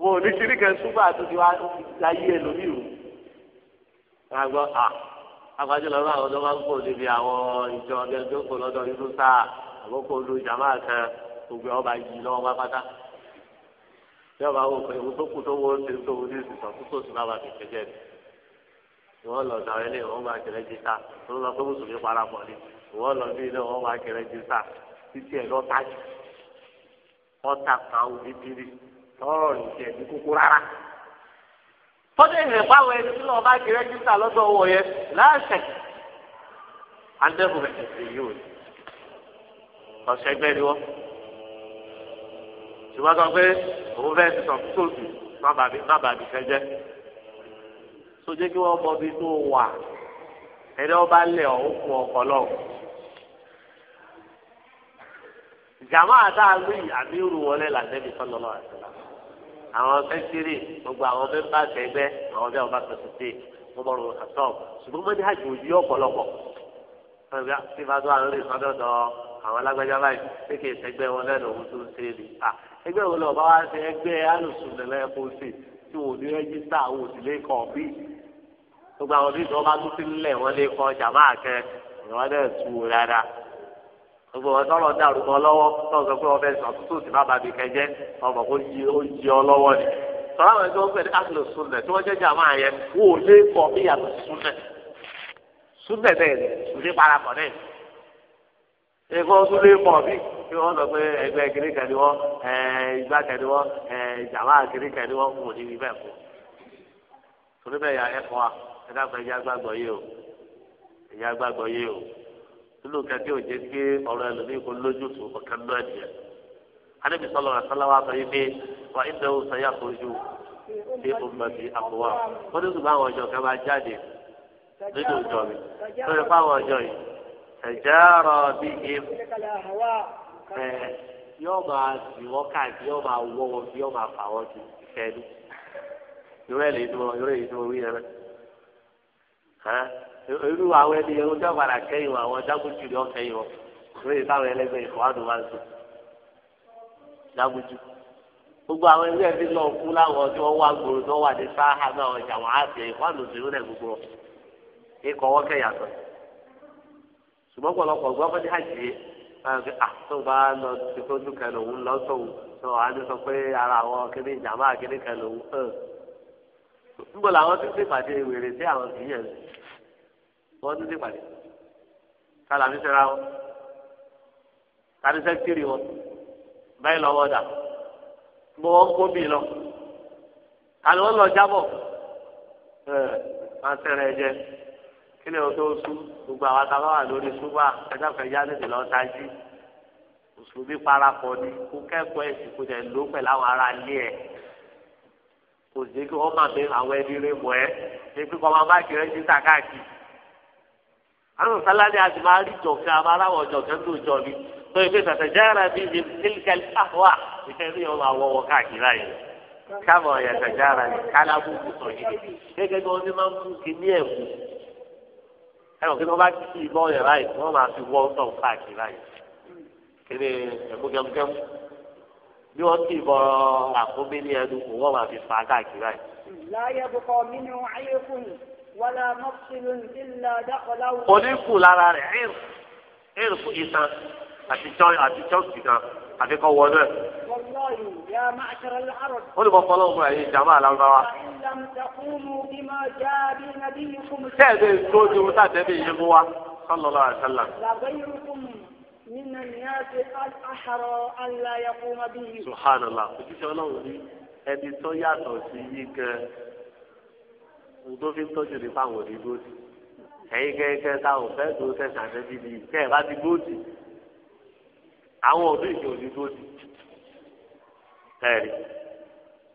wọn ò ní kiri kẹ súpà àtúndì wa láyé ẹlòmírù wọn àgbọ à àgbájọ lọ́wọ́ àwọn ọ̀dọ́ máa ń kó níbi àwọn ìjọ ọdẹ tó kó lọ́dọ̀ nínú sáà àkókò olú ìjàmbá kan gbogbo ọba yìí lọ́wọ́ pátápátá tí ọba wò pé ewu tó kù tó wọ́n ṣe ń tó wọ́n ní ìsìnkà tó tó sì má bàa fi kẹjẹ ni ìwọ lọ sàwọn ilé wọn máa kẹrẹ jí ta wọn lọ pé mùsùlùmí parapọ̀ ni ìwọ lọ sí ilé wọn máa kẹrẹ jí ta títí ẹ lọ tájú ọta kan òbíbiri lọ́rọ̀ nìkẹ́ ní kúkú rárá. tọ́jú ìrìn báwo ẹni tí lọ́ọ́ bá kẹrẹ jí ta lọ́dọ̀ ọwọ́ yẹn láàṣẹ. adẹ́kùn rẹ̀ ti yóò ní ọ̀sẹ̀ gbẹ́ ni wọ́n. ṣùgbọ́n sọ pé òun fẹ́ẹ́ ti sọ fún tòòtù má bàbí má bàbí fẹ́ jẹ́ tó jẹ́ kí wọ́n mọ ibi tó wà ẹni ọba lẹ̀ ọ̀hún fún ọkọ̀ lọ́wọ́. jàmọ́ àtàlù àbírù wọlé làdẹ́bí sọ́lọ́lọ́ àtàlà àwọn sẹ́kírì gbogbo àwọn mẹ́mbà tẹ́gbẹ́ àwọn bí ọba tẹ̀sí tẹ̀ gbogbo ọ̀rọ̀ kàtọ́ ṣùgbọ́n mọ́ni àjò yí ọ̀pọ̀lọpọ̀ ọ̀gá tí bá tó àwọn olùkọ́ dọ̀dọ̀ àwọn alágbájá báyìí pé kì í sẹ́gbẹ́ wọn lẹ́nu òun tó ń ṣe é ni ẹgbẹ́ wọn lọ́ọ́ bá wá ṣe ẹgbẹ́ alùsùn lẹ́lẹ́kọ̀ọ́ sí tí wọn ò ní rẹ́jísítà àwọn òsì gbogbo àwọn bí ìjọba tó ti lẹ̀ wọ́n lé kọ́ jàmbá àkẹ́ ìwọ́n dẹ̀ tu wò gbogbo wọn tọrọ dàrú lọ́wọ́ tọrọ sọ pé wọn fẹẹ sọ tó sì má bàa kẹjẹ ọmọ kó yí ó yí ọ lọ́wọ́ ni tọrọ àwọn ẹgbẹ́ wọn fẹẹ àkìlọ sunlẹ tí wọn jẹ jàmbá yẹn wò ó lé kọ bí yàtọ̀ sunlẹ sunlẹ bẹ́ẹ̀ ni sunlẹ parapọ náà ẹgbẹ́ wọn tún lé pọ̀ bí ẹ ẹjẹ agbágbọ yìí o ẹjẹ agbágbọ yìí o nínú kẹkẹ òjé gbé ọ̀rọ̀ ẹlòmíì kó lójútùú ọkàn náà nìyẹn anabi sọlọ wa sọlọ wa sọ yìí pé wà ìdáwó sọyà fojú ṣé o mọ sí àbúwá wọn ní ṣùgbọ́n àwọn ọjọ́ kan máa jáde nínú ìjọ mi lórí fáwọn ọjọ́ yìí ẹjẹ rọ bí i ẹ yóò máa sì wọ́n káàkiri yóò máa wọ́ wọn bí yóò máa fà wọ́n ju ìfẹ́ ní ìrẹ́lẹ̀ ìdúró ìrẹ́lẹ̀ ìdúró wí náà. irú àwọn ẹni ẹni tó padà kẹ́yìn wọn àwọn dágùjù ni wọ́n kẹ́yìn wọn lóye táwọn ẹlẹgbẹ́ ìfọ̀ àdùn máa ń sùn dágùjù gbogbo àwọn ẹgbẹ́ ẹbí lọ kú láwọn tí wọ́n wá tó wà ní sáhà náà ọjà wọn á sí ìrúnẹ̀ gbogbo ikọ̀ wọ́n kẹ́yà sọ ṣùgbọ́n pọ̀lọpọ̀ gbọ́ níbo làwọn ti ń ṣèpàdé wèrè sí àwọn kì í yẹn wọ́n ti ń ṣèpàdé kálàmì sẹ́ra wọn kàdísẹ́ kiri wọn báyìí lọ́wọ́ dà bó wọ́n kó bì lọ kàlí wọ́n lọ jábọ̀ ẹ̀ máa sẹ́rẹ̀ jẹ kílẹ̀ wọn tó sú gbogbo àwọn akáwá wà lórí súpà ẹ̀dáfẹ̀yá lè lọ tají mùsùlùmí parapọ̀ ni kó kẹ́kọ̀ọ́ ẹ̀sìn kó jẹ́ ló pẹ̀lú àwọn ará ilé ẹ̀ kò sí kí wọ́n máa fi àwọn ẹni rẹ mọ̀ ẹ́ ní pípọ́ máa bá kiri ẹni tà káàkiri. àwọn sálárì àti máa rí jọ̀kẹ́ àmọ́ aláwọ̀ jọ̀kẹ́ tó jọ mi tó ìfẹ́ tẹ̀tẹ̀ jára bí ní tílkẹ́lì àwọ̀ ìfẹ́ rí ọmọ àwọ̀ wọ káàkiri ayé káàmọ̀ yàtọ̀ jára ní kálábù kùtọ̀ yìí gẹ́gẹ́ bí wọ́n ti máa ń mú kí ní ẹ̀kú bí wọ́n ti bọ̀ àkóbí ní ẹnu kò wọ́n máa fi fa káàkiri báyìí. láyé bùkọ́ mi ni ayé fún mi wàlá mọ́kìlù ńlá dákọ̀láwù. oníkù lára rẹ̀ ẹ̀rù fún itan àti chọ́ọ̀kì kan àti kọ́ wọ náà. ó lè bọ́ fọlọ́ ọmọ ẹ̀yìn ìjàmbá alágbáwa. tẹ́ẹ̀ lè tó ju sáà tẹ́bí yìí mú wa sọ́lọ́lá àṣálà. làbẹ́yìí من الناس الأحرى ألا يقوم به سبحان الله òjíṣẹ́ ọlọ́run ní ẹni tó yàtọ̀ sí yín gan ohun tó fi ń tọ́jú ní fáwọn òní góòtì ẹ̀yin kẹ́kẹ́ tá ò fẹ́ tó tẹ̀sán àtẹ́bí ni kẹ́ ẹ̀ bá ti góòtì àwọn ọdún ìṣe òní góòtì ẹ̀rí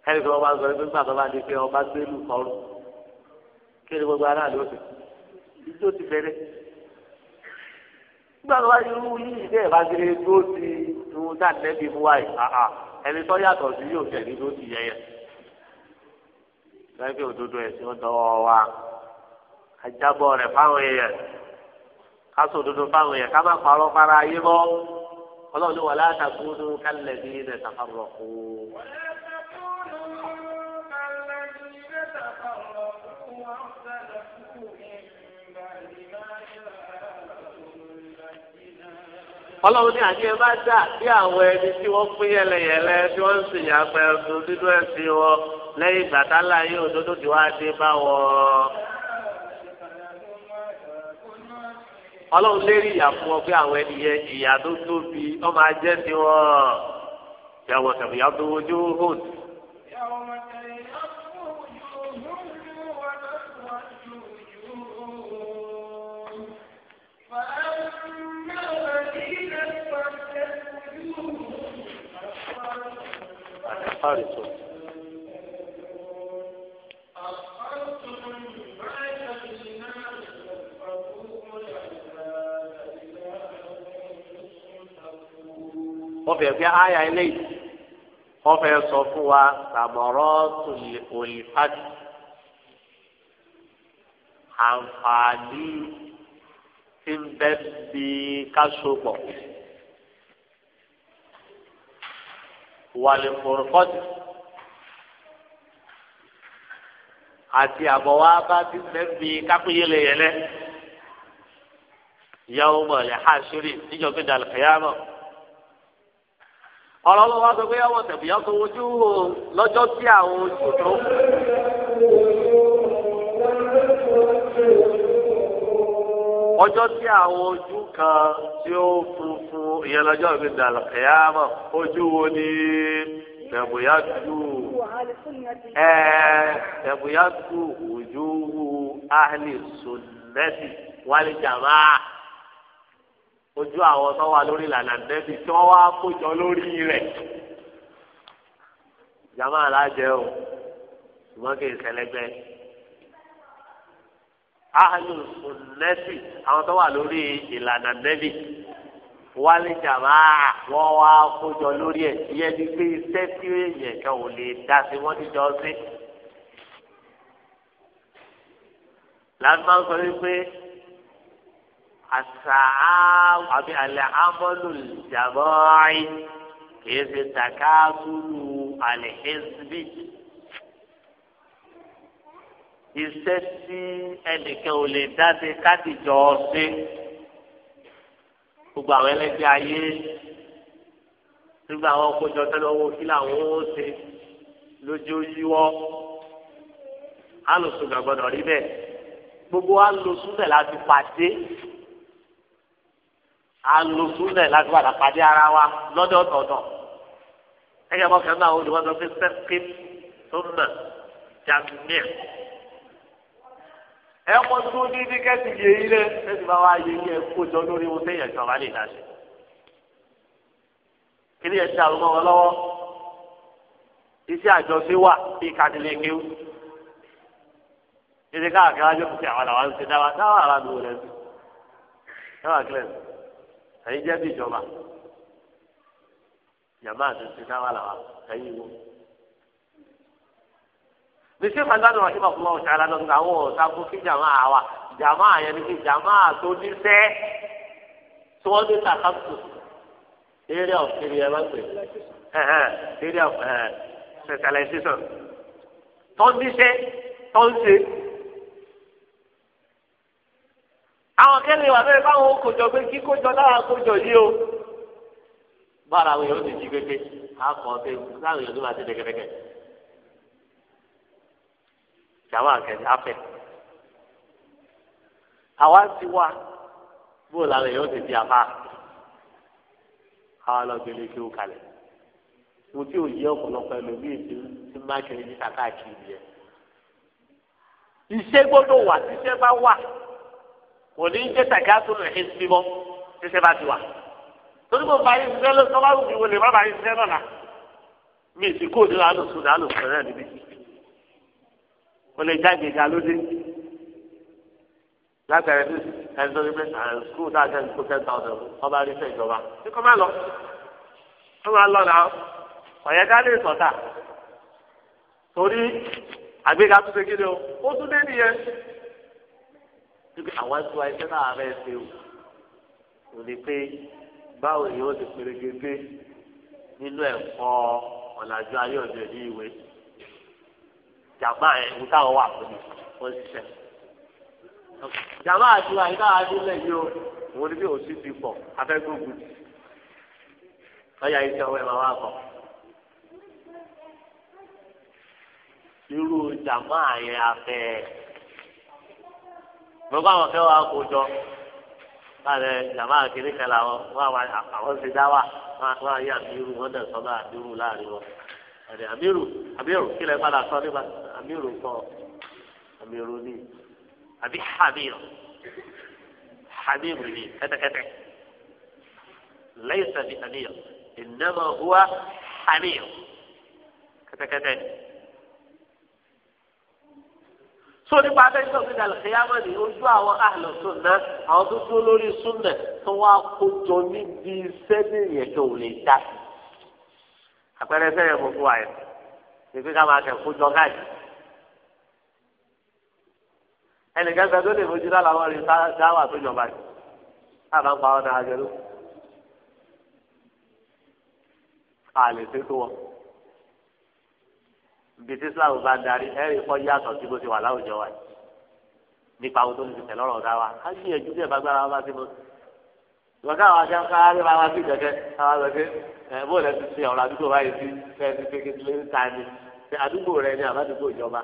ẹ̀rí tí wọ́n bá sọ pé gbàgbọ́ bá di pé ọba gbẹ́lú kọrù kí ni gbogbo aráàlú ọ̀sẹ̀ ìjó ti fẹ́rẹ́ nígbà tó bá irú yìí bẹ́ẹ̀ bá ti tó ti tu dáńdẹ́bí mú wáyé àhà ẹni tó yàtọ̀ sí yóò tẹ̀lé tó ti yẹyẹ. lẹ́gbẹ̀ẹ́ òdodo ẹ̀sìn ó dọwọ́ wa ajábọ̀ rẹ̀ fáwọn èèyàn kásò òdodo fáwọn èèyàn ká má parọ́ para ayé mọ́ ọlọ́run ló wà látàkùn ní kálẹ̀ ní ilẹ̀ sàfàrọ̀ kù. wọ́n yẹ ọlọ́run ní àní ẹ bá dà bí àwọn ẹni tí wọ́n pín yẹlẹyẹlẹ tí wọ́n ń sìn yàgbẹ́ ọdún nínú ẹ̀sìn wọn lẹ́yìn ìgbà tá òdodo tí wàá dé bá wọn. ọlọ́run lérí ìyà fún ọ pé àwọn ẹni yẹn ìyà tó tóbi ọ máa jẹ́ tiwọn. yàwọ̀ tẹ̀wọ̀ yàtọ̀ ojú hòn. الحارثون wọ́n fẹ́ fi àyà eléyìí wọ́n fẹ́ sọ fún wa sàmọ̀rọ́ olùfàdì àǹfààní tí ń bẹ́ẹ̀ bí ká so pọ̀. wàlẹ̀ kọ̀rọ̀kọ́tì àti àbọ̀wá bá ti mẹ́bi kápẹ́yẹlẹ yẹlẹ yàwó mọ̀lẹ́ hàṣírí níjọba ìdàlẹ̀ kẹyàmọ̀ ọ̀rọ̀ ló wá sọ pé yàwó tẹ̀bíyàn tó wojú lọ́jọ́ tí àwọn oṣù tó. ọjọ́ tí àwọn ojú kan tí ó funfun ìyẹn lọ́jọ́ mi ẹ̀yà mọ̀ ojú wo ni tẹ̀bùyá tù tẹ̀bùyá tù ojú wu ahli sunnati wal jamaa ojú àwọn tó wà lórí ìlànà nẹ́bí tí wọ́n o ṣùgbọ́n kì í ahlu sunnati àwọn tó wà lórí ìlànà nẹ́bì wálé jàmáà wọ́n wá kójọ lórí ẹ̀ ìyẹn ni pé iṣẹ́ tí èèyàn kan ò lè dá sí wọ́n ti jọ sí. láti sọ wípé àṣàá àbí àlẹ́ amọ́lù jàmáà kìí ṣe tàkásùlù àlẹ́ hẹ́sìbì iṣẹ́ tí ẹnìkan ò lè dáde kádìjọ ọ̀sẹ̀ gbogbo àwọn ẹlẹ́gbẹ́ ayé nígbà àwọn kójọ tẹ́lẹ̀ owó kí làwọn ó ṣe lójú yíwọ́ alùsùn gbàgbọ́dọ̀ rí bẹ́ẹ̀ gbogbo alùsùn bẹ́ẹ̀ láti pàdé alùsùn bẹ́ẹ̀ láti padà pàdé ara wa lọ́dọ̀ ọ̀tọ̀ọ̀tọ̀ ẹgbẹ́ mọ́kànlá àwọn olùwọ́n sọ pé tó mọ̀ jàmíà ẹ mọ tó dídí kẹsì yé yín lẹ kẹsì bá wá yé yín ẹ kó jọ lórí wọn sẹ́yìn ẹsẹ ọba lè dá sí kí ni ẹsẹ àlùmọ wọn lọ́wọ́ iṣẹ́ àjọṣe wà bí kàdílé kéwù ìdí káàkiri ajọ kùsì àwọn àwọn àti dáwà dáwà aládùúgbò rẹ sí dáwà kílẹ̀ ẹ̀yin jẹ́ bí ìjọba yàmá àti ti dáwà làwà ẹ̀yin wò bísí kagbanu rahima kuma ọ̀sẹ̀ aladọ́gba àwọn ọ̀sá fún kí jama wa jama yẹn ni kí jama tó ní sẹ́ tí wọ́n ní takasù area of area máa ń pè area of specialization tó ní sẹ́ tó ń ṣe. àwọn kẹ́lẹ́ wà bẹ́ẹ̀ báwọn kòjọ pé kí kójọ lára kójọ yìí o bára àwọn èèyàn ti jí pépé àkọ́ pé láwọn èèyàn tó máa ti dẹ́gẹ́dẹ́gẹ́ ìyàwó àkẹ́ni afẹ́ àwa ti wá bóòlù àwọn èèyàn ti di àbá àwọn ọlọ́gbẹ́lẹ́ kí ó kalẹ̀ mo tí ò yẹ ọ̀pọ̀lọpọ̀ ẹlòmíì tí tí má kiri ní kàkà kiri yẹn iṣẹ́ gbọ́dọ̀ wà tíṣẹ́ bá wà kò ní jẹ́ tàgá tó lè ṣe símọ́ tíṣẹ́ bá ti wà torí mo báyìí ṣiṣẹ́ lọ́sọ́ bá wù mí wọlé má náà la mi ì sì kó o ní lálùsùn lálùsùn náà níbí o lè jáde ìjà lóde lábẹ́rẹ́ bí ẹni tó ní pé ah, skul náà jẹ́ skul ten thousand ọba rí fẹ́ ìjọba ní kó má lọ kó má lọ náà ọ̀yẹ́ ká lè sọ̀tà torí àgbéga tó ṣe kí o ó tún dé nìyẹn níbi àwọn ẹ̀sùn àìsàn náà rẹ̀ ṣe o kò ní pé báwo ni ó ti pèrègede nínú ẹ̀kọ́ ọ̀làjú ayé òde ní ìwé jàmbá ẹ̀ ń táwọn wà fún mi wọ́n ṣiṣẹ́. jàmbá àti wà nígbà wàá nílẹ̀ yìí o òun ni bí òsì ti pọ̀ afẹ́gbógun jù lọ́yà iṣẹ́ ọwọ́ ẹ̀ máa wá kọ́. irú jàmbá yẹn afẹ́ gbogbo àwọn fẹ́ wá kó jọ láàrin jàmbá kiri kan làwọn wọn àwọn ṣe dá wà wọn àyè àmì irú wọn dẹ̀ sọ́dọ̀ àmì irú láàrin wọn àmì irú àmì irú kí lè padà sọ nípa àmìrò kọ àmìrò ni àbí hamir hamir ni kẹ́tẹ́kẹ́tẹ́ lẹ́yìn sàbí hamir ìnáwó huwa hamir kẹ́tẹ́kẹ́tẹ́ tó nípa abẹ́ tó fi dàlẹ́ xeyámọ́ ni ojú àwọn ahlẹ̀ sunna àwọn tó dúró lórí sunna tó wá kó jọ níbi sẹ́ni yẹn tó lè dá. àpẹẹrẹ sẹ́yìn gbogbo àyẹ̀ ìfi ká máa kẹ́ kó jọ káàkiri ẹnìkan kan tó lè fojú náà làwọn rí dáwà tó jọba yìí àbá ń pa ọ́ náà jẹ́ ló a lè fi tó wọn ibi tí Islam bá ń darí ẹ̀rí kọ́ yàtọ̀ sí bó ti wà láwùjọ wa nípa ohun tó ń sèṣẹ̀ lọ́rọ̀ ọ̀dá wa á gbìyànjú bí ẹ̀bá gbára wa bá ti mọ́ ìwọ káwọn ajá ń kárí máa wá sí kẹ̀kẹ́ káwá lọ sí ẹ̀ bó lẹ ti ṣe ọ̀rọ̀ àdúgbò báyìí sí fẹ́ẹ́ ti ṣe kékeré ta ni àdúgbò rẹ ni àbádúgbò ìjọba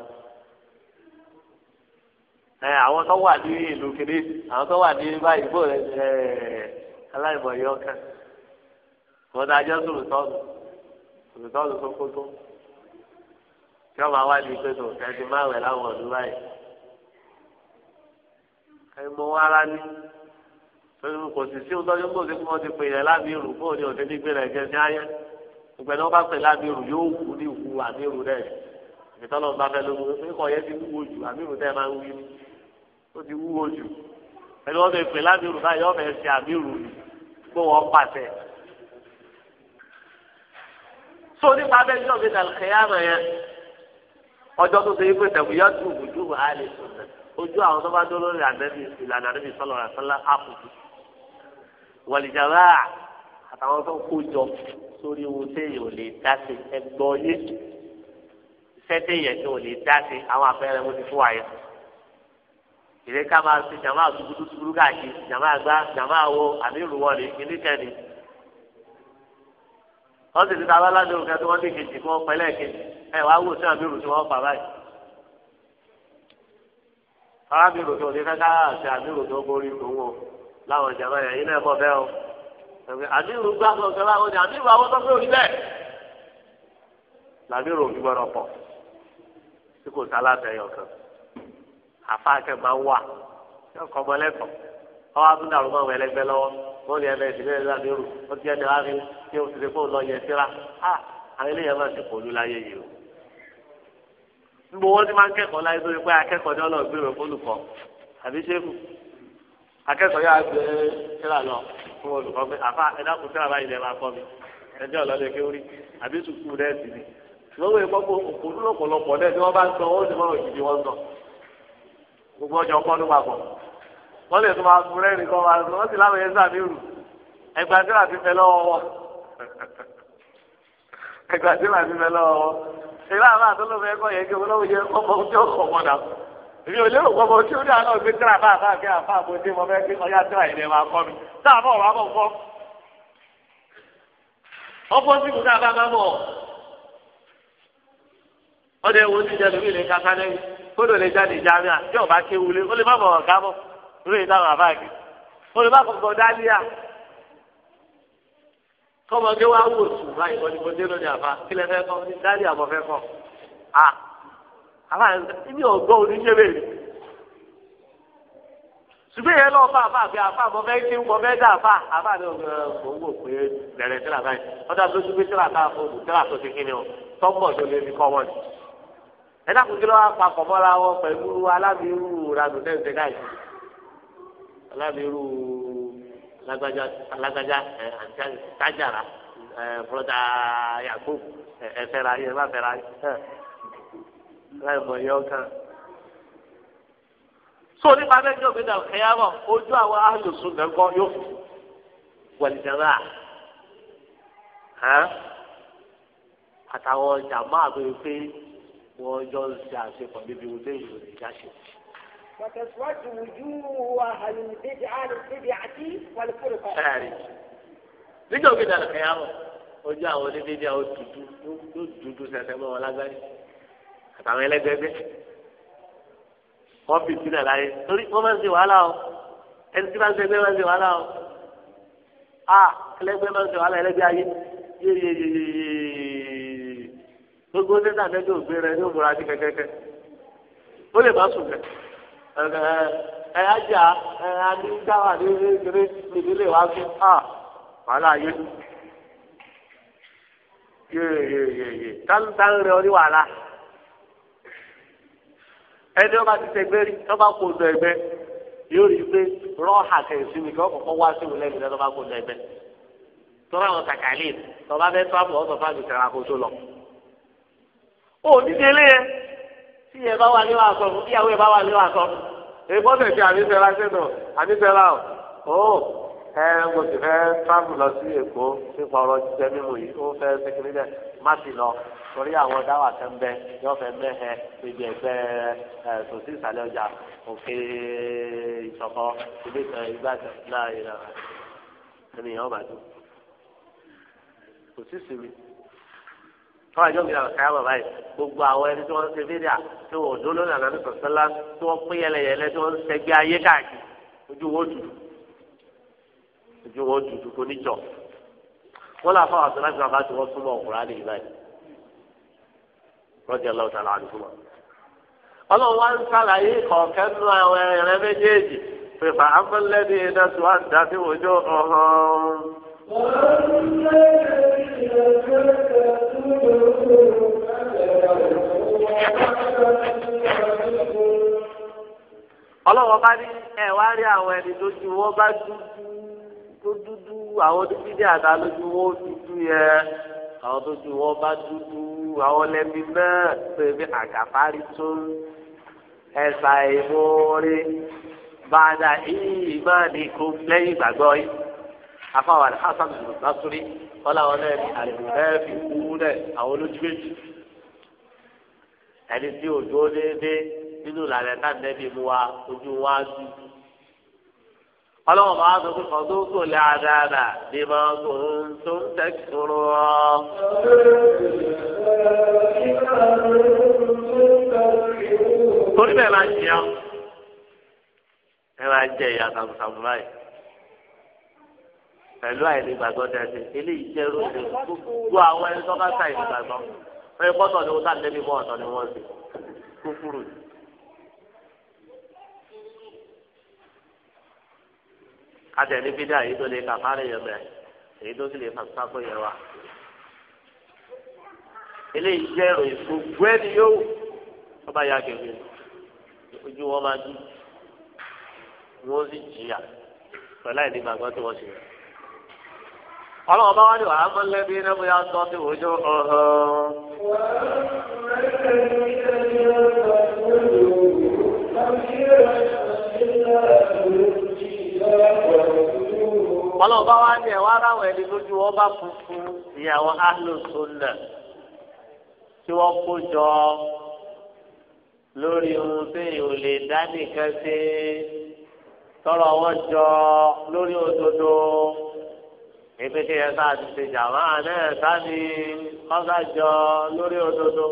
ẹ àwọn tó wà ní ìlú kiri àwọn tó wà ní báyìí bò ẹ aláìmọ̀ yọ kàn wọn dájọ́ sùrù tọ́lù tó kó tó kí wọ́n máa ní pé tó máa wẹ̀ láwọn ọ̀dún báyìí ẹni mọ wá rá ní kò sì sí ọtọ́jú kó sí kí wọ́n ti pè yẹn lábí ìrù bóun ni òde nígbè rẹ̀ jẹ ní ayé ìgbẹ́ni wọ́n bá pè lábí ìrù yóò wù ní ìwú àmì ìrù rẹ̀ ìtọ́lọ́ bá fẹ́ lóko pé kọ̀ yẹ ti wúwo jù àmì ìrù tẹ́ máa ń wí ni ó ti wúwo jù pẹ̀lú wọn bẹ pè láti rù báyìí wọn bẹ ṣe àmì rù kó wọn pàṣẹ. so nípa abẹ́rẹ́ ìjọba ìdàlùkẹ́yàmù yẹn ọjọ́ tó ṣe é pé tẹ̀kù yọ tù bùdù àlè ojú àwọn tó bá dó lórí àdẹ́bí ìlànà àdẹ́bí sọlọ àtàlà àpùtù wàlìjàrá àtàwọn tó kó jọ sórí ohun téèyàn ò lè dá sí ẹgbọ́ yé iṣẹ́ téèyàn tó lè dá sí àwọn àpẹẹrẹ mo ti fún wa yẹn. ìrẹ́ ká máa ṣe jàmá àgùgùdù sùúrù káàkiri jàmá àgbá jàmá àwo àmì ìrùwọ̀lì kìíní kẹ́ni. wọ́n sì ti ta abáládé òkè tí wọ́n ní kejì kí wọ́n pẹ́lẹ́ ẹ̀ wá wò sí àmì ìrù tí wọ́n pa báyìí. arábì ìrù tó fẹ́ ká àmì ìrù tó borí láwọn jàmá yẹn yín náà bẹ́ẹ̀ o. àmì ìrù láwọn àmì ìrù àfáàkẹ́ máa ń wà yóò kọ́ ọmọ lẹ́kọ̀ọ́ ọwọ́ abúlé àrùn máa wọ ẹlẹgbẹ́ lọ́wọ́ wọ́n ní ẹ̀mẹ́ ìdílé ẹ̀dá lérò ó ti ẹ̀dá wárí tí ó ti lè fóun lọ yẹ síra á àwọn eléyàá máa ti pòlú láyé yìí o. níbo wọ́n ti máa ń kẹ́kọ̀ọ́ láyé tó ní pé akẹ́kọ̀ọ́ ní ọlọ́ọ̀ gbèrò fólùkọ́ àbí ṣéfù akẹ́kọ̀ọ́ yà gbé síra lọ fún olùkọ́ pé àfa ẹ̀dá kù síra báyìí lẹ́ máa kọ́ mi ẹjọ́ ọ̀lọ́dẹ kéwúrí àbí sùkúù rẹ̀ sì ni. lọ́wọ́ ìkọ́kọ́ gbogbo ọjọ́ kọ́ ló máa bọ̀ wọ́n lè tún máa fún rẹ́ẹ̀rì kan máa lọ sí láwọn ẹ̀sà mi rù ẹgbà tí wàá ti fẹ́ lọ́wọ́ wọn ẹgbà tí wàá ti fẹ́ lọ́wọ́ wọn ìlà àwọn àtọ́lọ́fẹ́ ẹ̀kọ́ yẹn kí olówó yẹ ọmọ ojú ọkọ̀ mọ́dà èmi ò lérò pọ̀ mọ́ kí ó dáná gbé tíra bá àbá àbí àbá àbò mo fẹ́ kí ọyá tíra ilẹ̀ máa kọ́ mi táà bọ̀ wá bọ̀ fọ́ ọkọ̀ kódò lè jáde jáde àti ọba kéwulé ó lè má bọ̀ ọ̀gá bọ̀ lórí ìdáhùn àbáàgì ó lè má kọ̀ọ̀kan dálíà kọ́mọdé wa wò sùn báyìí wọ́n ní mo dé lónìí àbá kí lẹ fẹ́ kọ́ ní dálíà mo fẹ́ kọ́ à àbá ní ọ̀gbọ́n oníṣẹ́ bèèrè ṣùgbọ́n yẹn lọ fà fà bí àfà mọ fẹ́ kí mọ fẹ́ dà fà àfà ni ọ̀gbọ́n mò ń wò pé bẹ̀rẹ̀ sílà báyìí ọ̀dà tó ṣubú sílà káà fóònù sílà tó ti kí ẹ dákun kí ló wá papọ̀ mọ́ra wọn pẹ̀lú alábìrú radù tẹ̀sẹ̀ káyìí alábìrú lágbájá alágbájá ẹ tájàrà ẹ fúlọ́tà yàgò ẹ fẹ́ra yẹ má fẹ́ra yẹ láì mọ̀ yọ kàn. so nípa bẹ́ẹ̀ ní òbí náà kẹ́yà mọ̀ ojú àwọn ahlùsùn náà kọ́ yóò fi wẹ̀lìdẹ̀rà àtàwọn jàmbá àgbèrè pé tí wọ́n jọ ń ṣe àṣepọ̀ níbi wọlé ìlú ìjà ṣe. وتسود وجوه أهل البدعة للبدعة والفرقة. níjọ́ gbé dàrú kẹ́yàmọ̀ ojú àwọn oníbíbíà ó dúdú ó dúdú sẹ̀sẹ̀ mọ́ wọn lágbárí àtàwọn ẹlẹ́gbẹ́gbẹ́ wọ́n fi sílẹ̀ láyé torí wọ́n máa ń ṣe wàhálà o ẹni tí máa ń ṣe ẹgbẹ́ máa ń ṣe wàhálà o a ah, ẹlẹ́gbẹ́ máa ń ṣe wàhálà ẹlẹ́gbẹ́ ayé yéyeyeyeye gbogbo tẹ́tà lẹ́jọ́ ògbé rẹ ní òmùra ní kẹ́kẹ́kẹ́ ó lè má sùn kẹ́ ẹ ajá ẹ anígbàwà ní kékeré nílé wa fún a wàhálà yé yeyeyeye táńtán rẹ ọ ní wàhálà ẹni ọba ti tẹgbẹ́ rí ọba kò dọ̀ ẹgbẹ́ yóò rí pé rọ́ọ̀hà kẹ̀sí mi kí ọkọ̀ wá sí ìwòlẹ́ ìgbẹ́ ọba kò dọ̀ ẹgbẹ́ tọ́ra àwọn kàkàlì tọ́ba bẹ́ẹ̀ tó àbọ̀ ọ̀sọ̀ fáàgì tẹ̀ra kó tó lọ ó yẹn tí yẹn bá wà ní wàá ìyàwó yẹn bá wà ní wàá sọ tẹ̀ fi àníṣẹ́lá sẹ́nà àníṣẹ́lá o ẹ mo sì fẹ́ travel lọ sí èkó nípa ọ̀rọ̀ jíjẹ mímu yìí ó fẹ́ sẹ́kìrì dẹ̀ má sì lọ torí àwọn dáwà kan bẹ yóò fẹ́ mẹ́hẹ níbi ẹgbẹ́ ẹ tòsí ìsàlẹ̀ ọjà òkè ìṣọ̀kọ ilé kan ìgbà náà ìlànà ènìyàn ọ̀bàdàn kò sí sinmi. tọ́ àjọ mi àwọn káyà bàbá gbogbo àwọn ẹni tí wọ́n ń ṣe fídíà tí wọ́n òdó lónìí àná ní tí wọ́n pín yẹlẹyẹlẹ tí wọ́n ń ṣẹgbẹ́ ayé káàkiri ojú wo dùdú ojú wo dùdú kò ní jọ wọ́n lọ na àti láti bàbá tí wọ́n súnmọ́ ọ̀kùnrin àlè ìlà rọ́jà lọ́wọ́ tààlà bá ní ẹ wá rí àwọn ẹni lójú wọn bá dúdú tó dúdú àwọn tó dídí àdá lójú wọn dúdú yẹ àwọn tó ju wọn bá dúdú àwọn lẹ́bi náà pé bí àgàfárí tó ẹ̀sà ìmúrí bàdà ìmáàdì kò lẹ́yìn ìgbàgbọ́ yìí afáwọn alhassan lùbásúrí wọn náà ní àlùbẹ́ẹ̀fì kú náà àwọn olójú méjì ẹni tí òjò déédéé. nínú ìlànà táǹdẹ́bì mú wa ojú wa dù. ọlọ́wọ́n máa sọ pé ọdún kò lè àdáàdà ní máa kò ń tó ń ọ́. torí bẹ́ẹ̀ máa jẹun ẹ máa jẹ ìyá sàmùsàmù pẹ̀lú eléyìí jẹ́ gbogbo àwọn ẹni tó bá ni wọ́n ọ̀tọ̀ ni wọ́n kúkúrú àtẹ̀lé bídà èyí tó lè kàfárẹ̀ yẹn bẹ̀ èyí tó sì lè fà sáfò yẹn wa. eléyìí jẹ́ ìròyìn ẹni yóò wọ́n ya gègé ojú wọn máa dùn wọ́n sì jìyà pẹ̀lú àìní gbàgbọ́ tí wọ́n ṣe. ọlọ́run bá wá ní wàhálà mọ́lẹ́bí iná bóyá ń tọ́ sí òjò ọ̀hún. ọlọ́run bá wá ní ẹ̀wá ráwọ̀ ẹni lójú wọn bá funfun ìyàwó ahlùsùnà tí wọ́n kó jọ lórí ohun téèyàn ò lè dá nìkan ṣe tọrọ wọn jọ lórí òdodo èpè kí ẹ sáà ti ṣe jàmá náà sáni ọgá jọ lórí òdodo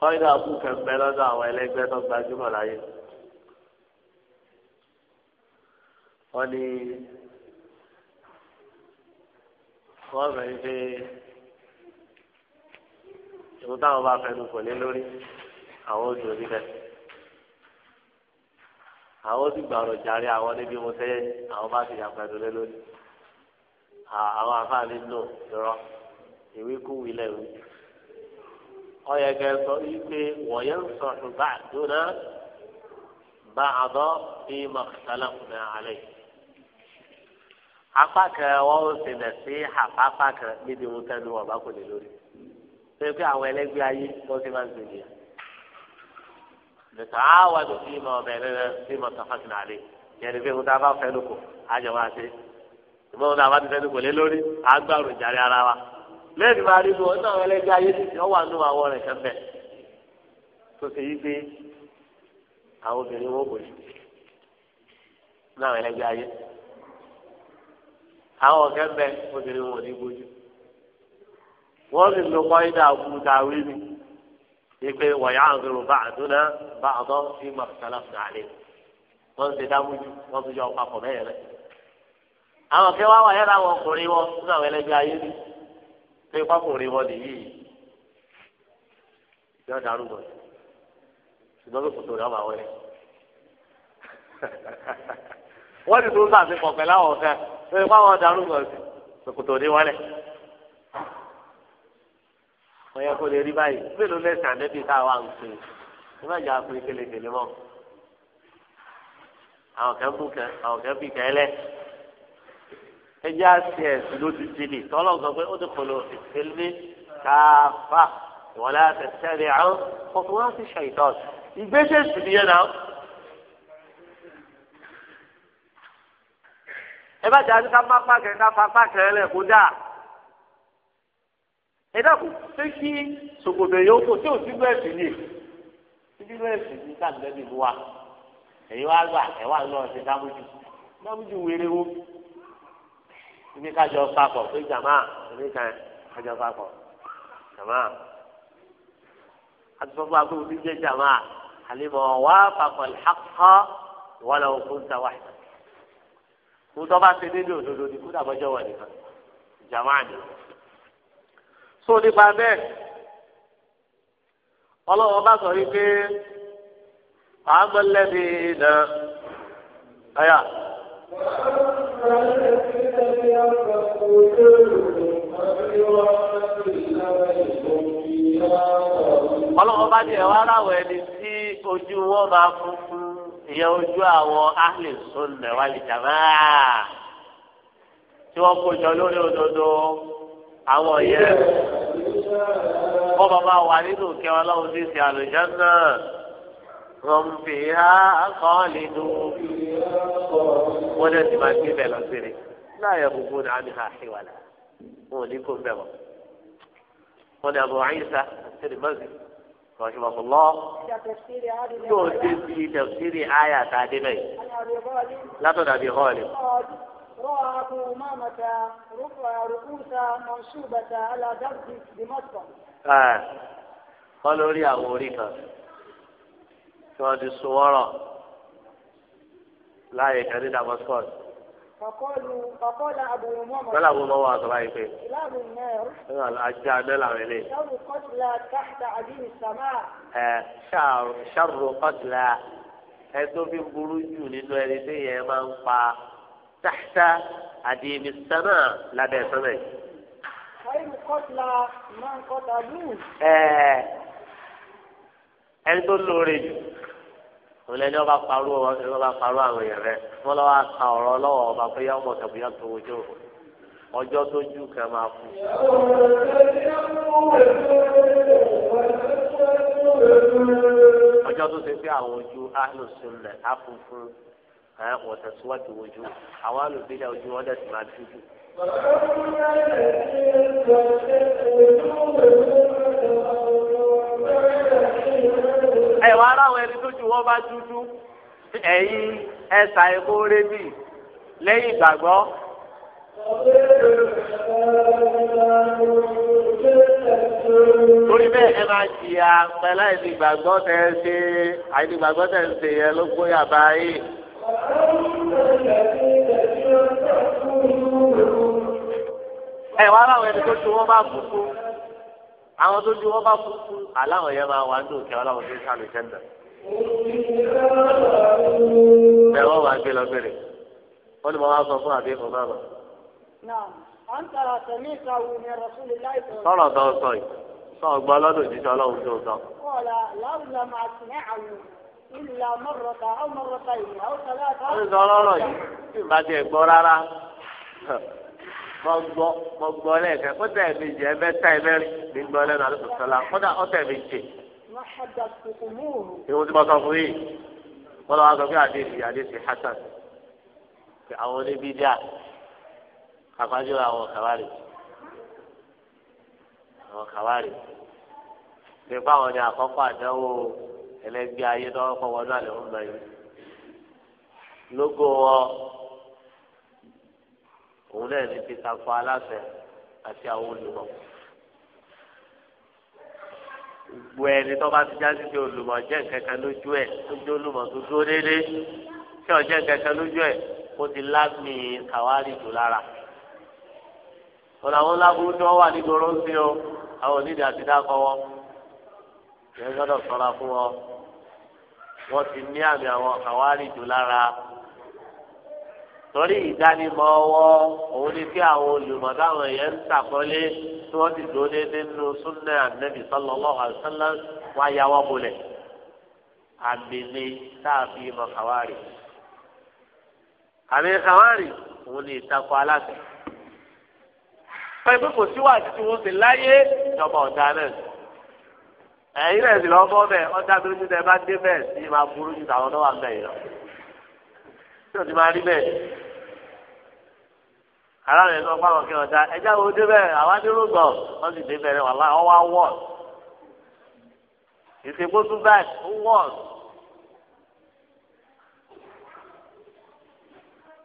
kọ́ kú kẹ̀mbẹ́ lọ́dọ̀ àwọn ẹlẹgbẹ́ tó gbajúmọ̀ láyé. wọ́n ní wọ́n rẹ̀ ń fi táwọn bá fẹnu kò lé lórí àwọn oṣù oníbẹ̀ àwọn ó gbàrọ̀ jàre àwọn níbi mo tẹ́ àwọn bá ti yà pẹ̀lú lé lórí àwọn afáàní lò lọ́rọ́ ìwé kú wílẹ̀ wí. ọ̀yẹ̀gẹ̀ sọ wípé wọ̀nyẹ́ ń sọ̀rọ̀ bá àdúrà bá àdọ́ bí màkàtàlà kùnà àlẹ́ yìí. apá kan wọn ò sì sí apá kan níbi ohun tẹnu wọn kò lè lórí pé pé àwọn ẹlẹgbẹ́ ayé wọn máa ń nìkan á wà ló fi mọ ọbẹ rẹ fi mọ náà lé yẹn ni pé ohun tá a bá lóko wa ṣe ìmọ̀ ohun tá a bá ti fẹ́ lóko lé lórí à ń gbàrò ara wa lẹ́yìn máa rí náà ayé ti wọ́n wà nù àwọn rẹ̀ tó yí pé àwọn obìnrin wọn kò náà àwọn ọ̀kẹ́ bẹ obìnrin wọn ò ní bójú wọ́n sì lo kọ́ńdà òkúta wí ni ipe wọ̀nyá àgbèrò bá àdúná bá àdán sí màkàlà fúnàlẹ́ wọ́n ti dámújú wọ́n tún yọ ọ̀pá bẹ́ẹ̀ rẹ̀ àwọn ọ̀kẹ́ wá wáyé láwọn ọkùnrin wọn fún àwọn ẹlẹ́gbẹ́ ayé ni pé pákùnrin wọn nìyí yóò darúgbọ̀n ṣùgbọ́n kò tó dáwọ́ àwọn ẹ̀ wọ́n ti tún sàfihàn pẹ̀lú àwọn ọ̀fẹ́ pé báwọn darúgbọ̀n sí ṣòkòtò ní wọlé. wọ́n yẹ kó lè rí báyìí mélòó lẹ́sìn àdébí táwa ń pè é má jà pé kélékèlé mọ́. àwọn kan bù kan àwọn kan bì kan lẹ́ ẹjẹ́ àti ẹ̀sìn ló ti ti lè tọ́lọ̀ sọ pé ó ti kọ̀ lọ ìfẹ́lẹ́ káfà ìwọ̀n láti tẹ̀lé àwọn kọ̀ọ̀kan wá sí ṣàìtọ́ ìgbésẹ̀ sì nìyẹn náà. ẹ bá jáde ká má pàkẹ́ ká fa pàkẹ́ lẹ̀ kó dà ẹ dàkú pé kí sòkòtò yòó kò tí ò sí bẹ́ẹ̀ sì ni síbí bẹ́ẹ̀ sì ni ká lẹ́bi bu wa èyí wá gbà ẹ wà lọ ṣe dábójú dábójú wéré wo ibi kájọ papọ̀ pé jàmá ibi kájọ papọ̀ jàmá àti sọ́kọ́ àgbẹ̀wò ti jẹ́ jàmá àlebọ̀ wá papọ̀ lẹ́xàkọ́ wọ́n lọ́wọ́ kó ń ta wáyé tòótọ́ bá ṣe déédéé òdodo ni kó dàbọ́jọ́ wà nìkan jàmáà ni. so nípa bẹ́ẹ̀ ọlọ́wọ́ bá sọ wípé àmọ́lẹ́bí iná ayà. ọlọ́wọ́ bá ní ẹ̀wọ́ aráwọ̀ ẹni tí ojú wọn máa funfun ìyẹn ojú àwọn ahli sunna wal jamaa tí wọ́n kó jọ lórí òdodo àwọn yẹn wọ́n bá máa wà nínú kẹwàá lọ́wọ́ sí ìsìn àlùjánnà wọ́n ń fi há khalidun wọ́n dẹ̀ ti máa gbé bẹ̀ lọ sí ni láàyè gbogbo náà ní àṣewàlà wọn ò ní kó bẹ̀ wọ́n. wọ́n ní Abu Isa àti ìdìbò sí i. رحمه الله تؤتي في تفسير آية تعديمية لا تدع غالب رأى أبو أمامة رؤوسا منصوبة على درب دمشق آه قالوا لي أبو ريكا كانت الصورة لا يكاد دمشق kọ́lá wo lọ́wọ́ àtọ́lá yìí pé ajá abẹ́ làwọn ilé. ẹ ṣàrò kọ́tìlá ẹ tó fi burú jù nínú ẹni tí yẹn máa ń pa tàṣà àdìmí sánà lábẹ́ sánà yìí. ẹ ẹni tó lóore jù. ọlẹ́ni ọba parú ọba parú àwọn èèyàn rẹ wọ́n lọ́wọ́ ka ọ̀rọ̀ lọ́wọ́ ọba pé yá ọmọ tẹ̀bù yá tó ojú ọjọ́ tó jù kẹ́ máa fún. ọjọ́ tó ṣe pé àwọn ojú ojú àwọn ojú wọn máa dúdú. ẹ wàá ráwọn ẹni tó ju wọn bá dúdú ẹ̀yin ẹ̀sà ẹ̀kọ́ rẹ́bì lẹ́yìn ìgbàgbọ́. torí bẹ́ẹ̀ ẹ máa jìyà pẹ̀lú àìdìgbàgbọ́ tẹ̀ ẹ ṣe àìdìgbàgbọ́ tẹ̀ ẹ ṣe yẹn ló gbóyà báyìí. ẹ wàá ẹni tó ju wọn bá kúkú àwọn tó ju wọn bá kú fún aláwọ̀ yẹn máa wà ní òkè aláwọ̀ tó ń sàlù jẹ́ndà. bẹ́ẹ̀ wọ́n máa gbé lọ bèrè wọ́n ní mo máa sọ fún àbí ẹ̀kọ́ máa mọ̀. sọ̀rọ̀ tó sọ yìí sọ̀rọ̀ gbọ́ lọ́dọ̀ òjíṣẹ́ ọlọ́run tó sọ. ó ń sọ ọlọ́rọ̀ yìí bí tiẹ̀ gbọ́ rárá mọgbọ mọgbọ lẹẹkẹ kọtà ẹmẹjì ẹmẹta ẹmẹrin nígbà ọlẹnu alẹ sọlá kọtà ọtà ẹmẹjì. ìwọ tí mo sọ fún yìí wọn lọ wá sọ pé àdéhùn àdéhùn hasan pé àwọn oníbí díà àfájọ àwọn kàwárì àwọn kàwárì pé báwọn ni àkọ́kọ́ àdánwò ẹlẹ́gbẹ́ ayé lọ́wọ́ wọnú àlẹ́ wọn lọ yìí lógo wọn òun náà ní títa kọ aláṣẹ àti àwọn olùmọ̀ gbogbo ẹni tó bá ti jáde sí olùmọ̀ jẹ́ nǹkankan lójú ẹ̀ lójú olùmọ̀ tó dúró déédéé tí ò jẹ́ nǹkankan lójú ẹ̀ ó ti lágbì kàwárí jù lára ọ̀nà àwọn lábúrú tí wọ́n wà nígboro ń sí o àwọn onídìí àti dákọ̀ wọn ìyẹn gbọ́dọ̀ sọ́ra fún wọn wọ́n ti ní àmì àwọn kàwárí jù lára torí ìdánimọ̀ ọwọ́ òun ni kí àwọn olùmọ̀ táwọn èèyàn ń sàkọlé tí wọ́n ti dúró déédéé nínú súnnà ànábì sallallahu alaihi wasallam wá yàwọ́ bolẹ̀ àmìlẹ táàbí mọ̀ kàwárì. àmì kàwárì òun ni ìtakò aláṣẹ. pẹ̀lú kò sí wàásù tí wọ́n ti láyé ìjọba ọ̀dà náà. ẹ̀yin náà sì lọ́ọ́ bọ́ bẹ́ẹ̀ ọ̀dà tó ń tẹ́ bá dé bẹ́ẹ̀ sí máa burú ju tàwọn náà wà bẹ́ẹ̀ yìí lọ aráàlú ẹni wọn fáwọn kí wọn da ẹjẹ àwọn ọdẹ bẹ́ẹ̀ àwọn adérògbọ wọn sì dé bẹ̀rẹ̀ wàhálà ọwọ awọ ìsìnkú tún ó wọ.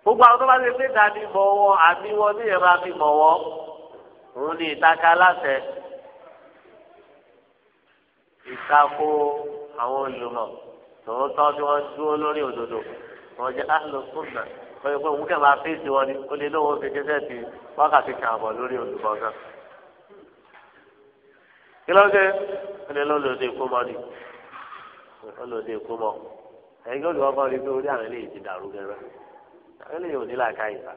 gbogbo àwọn tó bá ti pé dání mọ àbí wọn ní ìyẹn máa fi mọ òun ní ìtaka aláṣẹ ìtako àwọn olùmọ tòótọ́ tí wọ́n dúró lórí òdodo wọ́n jẹ́ àlùfùnà wọ́n yẹ pé òun kẹ́ máa fèsì wọn ni ó lè lọ́wọ́ kékeré sẹ́ẹ̀tì wákàtí kan àbọ̀ lórí olùkọ́ kan. kí ló dé ó lè lọ́lọ́dẹ ìkómọ ni lọ́lọ́dẹ ìkómọ ẹ̀yin olùkọ́ kan rí pé orí àwọn eléyìí ti dàrú gẹ́rẹ́ àwọn eléyìí ò ní làákà ìfà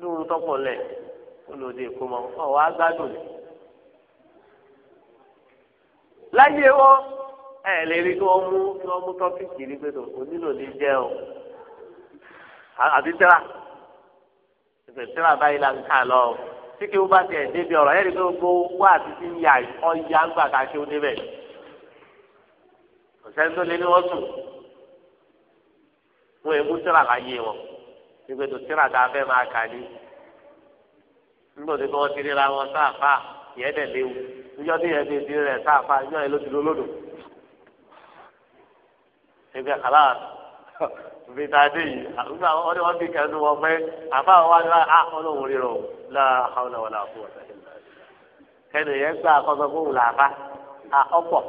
lóru tọ́pọ̀ lẹ̀ lọ́lọ́dẹ ìkómọ ọ̀ wá gbádùn ni. láyé wọn ẹ̀ lè rí kí wọ́n mú kí wọ́n mú tọ́pìkì ní pé onílò ní jẹ́ àti tíra báyìí la ń kà lọ tí kí wọ́n bá tiẹ̀ débi ọ̀rọ̀ ẹ̀rí pé gbogbo wá àti ya ọ̀ya ń gbà ká kí wọ́n débẹ̀ ọ̀sẹ̀ tó lé ní wọ́n sùn wọ́n èmú tíra láyé wọn ìgbẹ́dọ̀ tíra tá a fẹ́ máa kà ní nígbàdí kí wọ́n ti ríra wọn sáàfà yẹn dẹ̀ léwu níjọ́ tí yẹn ti rí rẹ̀ sáàfà níjọ́ yẹn ló ti lólódò ẹgbẹ́ kàlá bitade yìí àgbà wọn ni wọn bí kẹnu wọn pé àbá wa ni a ọlọ́run rírọ o la hawla wala quwwata illa kẹnu yẹn gbà kọsọ fún wùlà àbá a ọ̀pọ̀.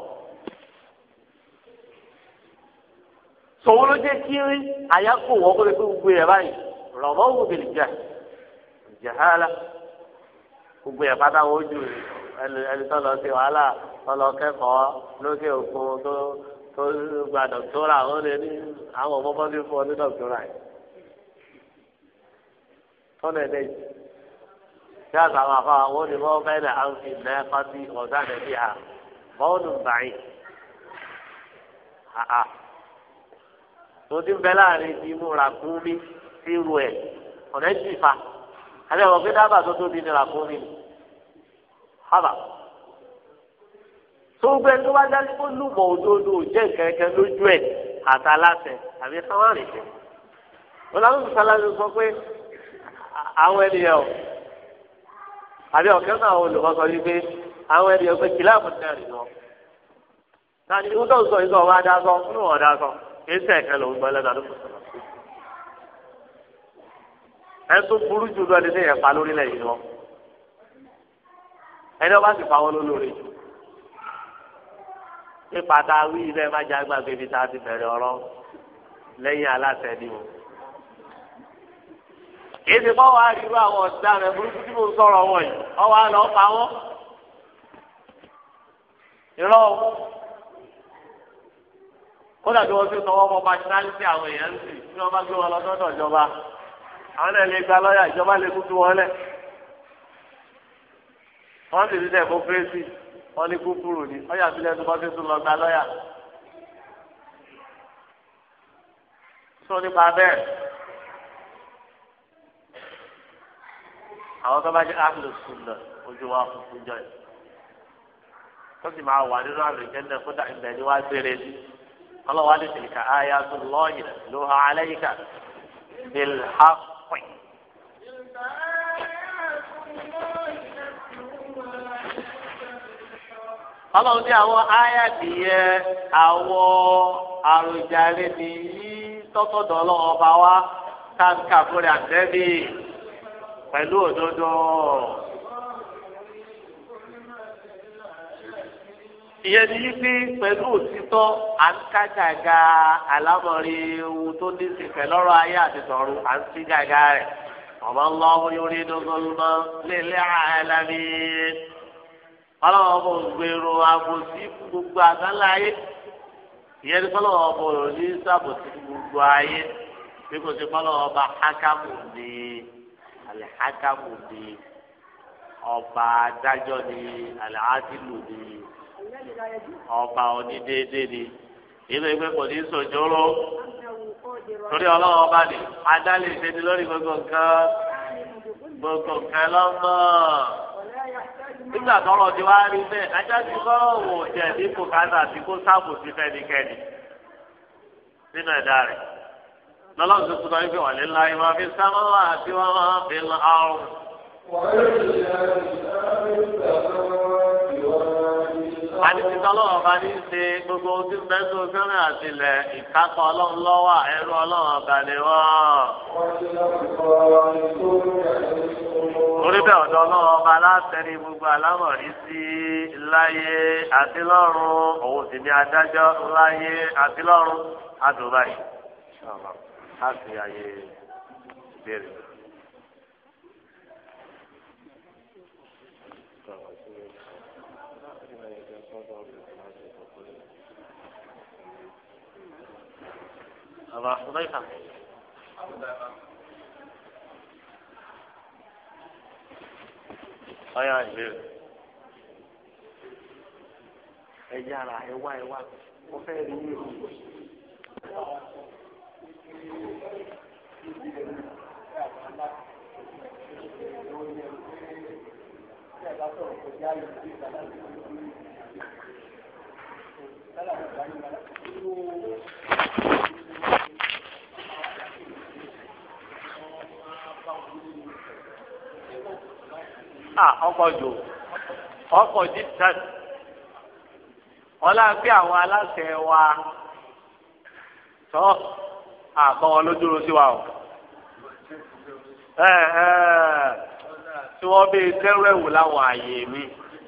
sòwò kiri àyàkó wọn kó lè fi gbogbo yẹn báyìí rọmọ wò bìlì jẹ jẹhálà gbogbo yẹn pátá wọn ojú ẹni tó lọ sí wàhálà tó lọ kẹ́kọ̀ọ́ lókè òkun tó tó gba dọ̀tọ́rà ó lè ní àwọn ọmọ bọ́dé fún ọ ní dọ̀tọ́rà yìí tọ́lẹ̀ lẹ́yìn tí àgbà wà fún àwọn onímọ̀ bẹ́ẹ̀lẹ̀ àǹfì náà pàtí ọ̀dà nẹ̀bí ha bọ́ọ̀lù bàyìn àà tó ti ń bẹ láàrin ti múra fún mi sí ru ẹ̀ ọ̀nà ìjì fa àbẹ̀wò pé dábàá tó tóbi ni rà fún mi hábà tó gbẹ tó bá dá sí kó lùmọ̀ òdodo jẹ́ kẹ̀kẹ́ lójú ẹ̀ àtàlásẹ̀ àbí sáwárì jẹ́. ọlọ́run sálásẹ̀ sọ pé àwọn ènìyàn o àbí ọ̀kẹ́ náà àwọn olùkọ́ sọ wípé àwọn ènìyàn pé kìláàbù náà rì lọ. tani ìwúntò sọ ìsọ wa dá sọ fún wọn dá sọ èsì ẹ̀kẹ́ lòún gbọ́ lẹ́nu àdúgbò sọ̀rọ̀. ẹ tún burú jù lọ ní sẹ́yìn pa lórílẹ̀ yìí lọ. ẹni ọba sì pa wọn lólórí jù pípa tá a wí ilé má jẹ́ agbágbé ibi tá a ti bẹ̀rẹ̀ ọ̀rọ̀ lẹ́yìn aláṣẹ ni o. kìí ṣe bọ́wọ́ àríwú àwọn ọ̀daràn burúkú tí mo ń sọ̀rọ̀ wọ̀ yìí ọwọ́ àlọ́ pa wọ́n. irọ́ kódà bí wọ́n ti sọ wọ́n mọ pàṣínálítì àwọn èèyàn sì tí wọ́n bá gbé wọn lọ ìjọba àwọn náà lè gba lọ́yà ìjọba lè kú sí wọn lẹ̀. wọ́n sì ti dẹ̀ wọ́n ní kúfúrú ni ọ̀yà sílẹ̀ tó bá fi tún lọ gba lọ́yà. sọ nípa bẹ́ẹ̀ àwọn tó bá jẹ́ àlò sùnà ojú wa funfun jọ yìí tó sì máa wà nínú àlò ìjẹ́ndẹ̀ kódà ìbẹ̀ ni wá gbére sí ọlọ́wà ní tìlíkà ayé àtúntò lọ́ọ̀yìn ló alẹ́ yìí kà bíl ọlọ́run ní àwọn áyàtì yẹ àwọn àròjàre ní yí tọ́tọ̀dọ̀ ọlọ́run ọba wa táǹkà fúnra àtẹ́bí pẹ̀lú òdodo. ìyẹn ní wípé pẹ̀lú òtítọ́ à ń ká gàgà ohun tó ní sí pẹ̀lú ayé àti à ń sí gàgà rẹ̀ ńlá ọlọ́wọ́ ọba ògbèrò àbòsí gbogbo àgbáńlá ayé ìyẹn ní kọ́lọ́wọ́ ọba òní sàbòsí gbogbo ayé bí kò sí ọba hákàmù ní alẹ́ ọba adájọ́ ní alẹ́ ọba onídéédé ní ìlú ìgbẹ́ kò ní sòjóró torí ọlọ́wọ́ ọba ní adálẹ̀ ìṣẹ́ni lórí gbogbo nǹkan gbogbo nǹkan nígbà tọrọ ti wá rí bẹ́ẹ̀ ajá kọrọ wò jẹ̀bi kò kásá àti kó sáàbò sí fẹ́nikẹ́ni nínú ẹ̀dá rẹ̀ lọlọrun tó tún wà nílá ìwà fi sámọ àti wọn máa fi lọ àrùn. àdìsí tọ́lọ́wọ́ bá ní ṣe gbogbo ojú mẹ́tò sẹ́rìn àtìlẹ̀ ìkápá ọlọ́run lọ́wọ́ ẹ̀rọ ọlọ́run ọ̀gá ni wọ́n. orí bẹ́ẹ̀ ọ̀dọ́ ọlọ́run ọba látẹ̀rí gbogbo alámọ̀rí sí láyé àti lọ́run òun sì ní adájọ́ láyé àti lọ́run adùn báyìí. láti ayé ìbéèrè. àbá ọlọ́yìnká. ọyọ ìbéèrè. ẹ yára ẹ wá ẹ wá mo fẹ́ rí ní ìlú. Thank you. ọkọ ọkọ̀ jò ọkọ̀ àwọn aláṣẹ wa tọ́ àbọ̀ wọn sí wa o tí wọ́n bí tẹ́rù ẹ̀wù láwọn àyè mi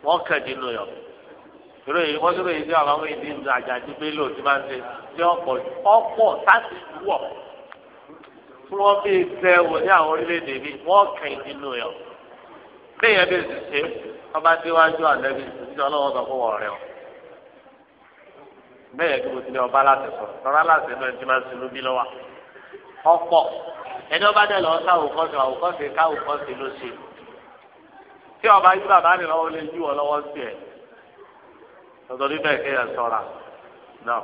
wọ́n kẹ̀dínú yọ ìró yìí wọ́n dúró yìí sí àwọn ìdí ìdí pé máa ń ṣe bẹ́ẹ̀ bí ṣe ọba déwájú àlẹ́bí ìṣẹ́ ọlọ́wọ́ sọ fún ọ̀rẹ́ o bẹ́ẹ̀ kí mo ti ní ọba láti sọ lọ́ra láti ẹnu ẹni tí máa ń sinú bí lọ́wọ́ ọ̀pọ̀ ẹni ọba dẹ̀ lọ sá òkọ́sì òkọ́sì ká òkọ́sì ló ṣe tí ọba yí bàbá mi lọ́wọ́ lé yú ọ lọ́wọ́ sí ẹ̀ tọ́tọ́ níbẹ̀ kéèyàn sọ̀ra náà.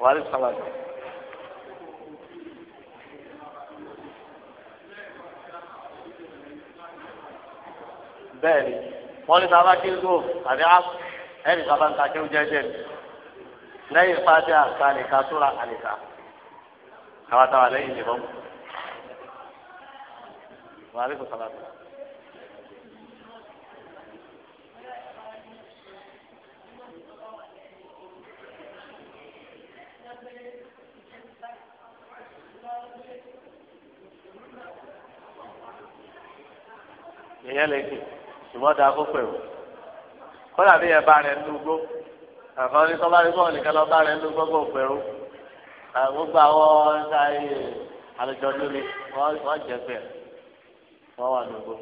wàhálì sàlàdì. bẹ́ẹ̀ni wọn ní sábà kí n tó àbí áàpù ẹnì sábà ń ta kí n jẹjẹ mi lẹ́yìn fàájì àká nìka súra ànìka àwọn àtàwọn lẹ́yìn ìdìbò wàhálì sàlàdì. èèyàn lè kì ṣùgbọ́n dáa kó pẹ̀lú kódà bí yẹn rẹ̀ ń dúgbò àfọwọ́n ní sọ́ba ní bọ́ọ̀lù nìkan lọ rẹ̀ ń dúgbò kó pẹ̀lú gbogbo àwọn àlejò lórí wọ́n jẹ pé wọ́n wà dúgbò.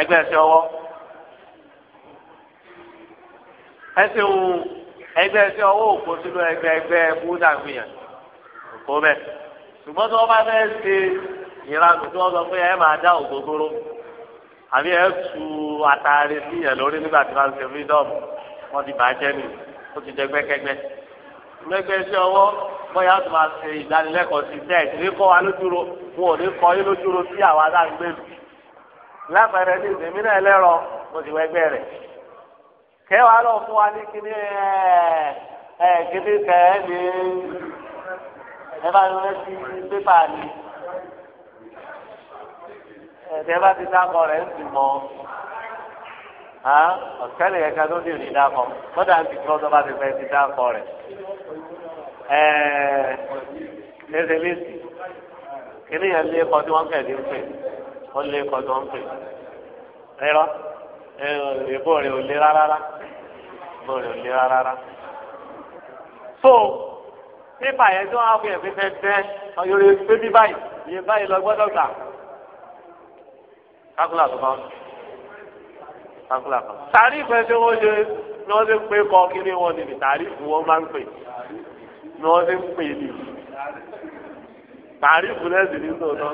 Ẹgbẹ́ ẹsẹ̀ ọwọ́. Ẹsẹ̀ òun ẹgbẹ́ ẹsẹ̀ ọwọ́ òkú sínú ẹgbẹ́ ẹgbẹ́ búdà gbìyànjú kó bẹ̀. ṣùgbọ́n tí wọ́n bá fẹ́ ṣe ìranù tí wọ́n sọ pé ẹ máa dá ògógóró àbí ẹ tu àtàrí sí yẹn lórí nígbà tí wọ́n ṣe freedom wọ́n ti bàjẹ́ nì ó ti jẹ gbẹ́kẹ́gbẹ́. gbẹ́gbẹ́ sí ọwọ́ bóyá tó máa ṣe ìdánilẹ́kọ̀ọ́ sí tẹ́ẹ̀tì ní kọ́ wa lójúro wọn ò ní kọ́ yín lójúro sí àwa aláǹgbèrú. lápẹẹrẹ ní ìsinmi náà lẹ́rọ mo ti wẹ́gbẹ́ rẹ̀ kẹwàá lọ fún wa ní kíní ẹ ẹ kíní kẹ ẹ ní ẹ bá lọ sí pépà ni ẹ̀ẹ́dẹ́ bá ti dákọ̀ rẹ̀ ń sì mọ́ ọ̀tẹ́lẹ̀ yẹn kan tó ti rìn dákọ̀ kọ́dà ń ti kí wọ́n tó bá ti fẹ́ ti dákọ̀ rẹ̀ ẹ̀ẹ́ ẹ̀ẹ́dẹ́ lẹ́sìn kìnìún yẹn lé kọ́ tí wọ́n kẹ̀lé ń pè ó lé kọ́ tí wọ́n pè rírọ́ ìbò rẹ̀ ò lé rárá ìbò rẹ̀ ò lé rárá. so pépà yẹn tí wọ́n á fi ẹ̀fín tẹ́tẹ́ ọ̀yọ́rẹ́ bébí báyìí iye báyìí lọ gbọ́dọ̀ gbà. kákúlà tó kákúlà kan. sàrí ìfẹ́ tí wọ́n ṣe ni wọ́n ti ń pè kọ́ kí ni wọ́n nìyí sàrí ìfún wọn máa ń pè ni wọ́n ti ń pè nìyí tààrí ìfúnẹ́sì ní tòótọ́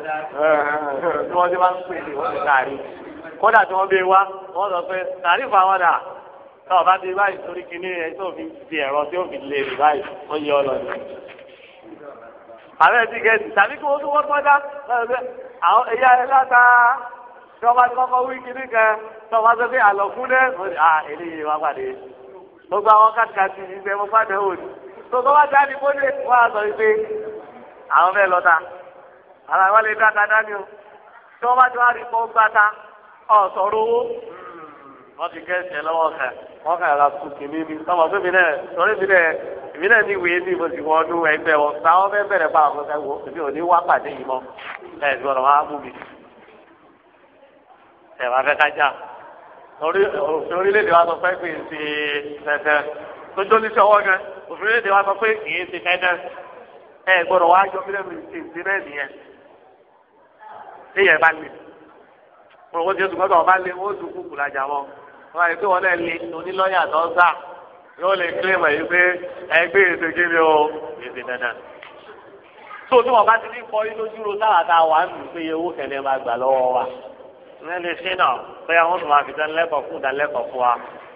tí wọ́n ti máa ń pè ní wọ́n ti tààrí kódà tí wọ́n bí wá wọ́n sọ pé tààrí àwọn dà tá ọba ti báyìí torí kíní ẹ tó fi di ẹ̀rọ tí ó fi lè rí báyìí ó yẹ ọ lọ ni. àbẹ́ẹ̀ ti gẹ̀ẹ́sì tàbí kí wọ́n tún wọ́n tọ́já àwọn ẹ̀yà ẹ̀ láta tí wọ́n bá ti kọ́kọ́ wí kíní kan tí wọ́n bá tó fi àlọ́ fún dẹ́ à eléyìí wá pàdé gbogbo àwọn kàtìkàtì ìgbẹ́ mo pàdé òní tó tó wá jáde kó lè wá sọ pé àwọn fẹ́ lọ́ta àwọn àwọn lè dáta dání o tí wọ́n bá ti wá rí wọ́n ti kẹ́sẹ̀ lọ́wọ́ kan wọ́n kàn ra sùn kìíní ni sọ́mọ pé mi náà sọ́rí mi náà èmi náà ní ìwé ní mo sì wọ ọdún ẹgbẹ́ wọn táwọn fẹ́ bẹ̀rẹ̀ pa àwọn ọ̀gá wọn èmi ò ní wá pàdé yìí mọ́ ẹ̀ ẹ̀ gbọ́dọ̀ wá mú mi ẹ̀ wá fẹ́ kájà òfin orílẹ̀-èdè wa sọ pé kì í ṣe tẹ̀tẹ̀ tójó ní sọ́wọ́ gan òfin orílẹ̀-èdè wa sọ pé kì í ṣe tẹ̀tẹ̀ ẹ̀ gbọ́dọ̀ wá jọ mílẹ̀ mi ṣe ìṣe náà nìyẹn wọ́n àyè pé wọ́n náà lé onílọ́yà tó ń sá yóò lè kílèmọ̀ yìí pé ẹgbẹ́ ètò ìgbìmọ̀ o ètò dandan. tó tí wọ́n bá ti ní kọ́ inú dúró sára tá a wà ń dùn pé owó kẹlẹ́ máa gbà lọ́wọ́ wa. ìyẹn lè ṣe náà pé àwọn tó máa fi dánilẹ́kọ̀ọ́ fún ìdánilẹ́kọ̀ọ́ fún wa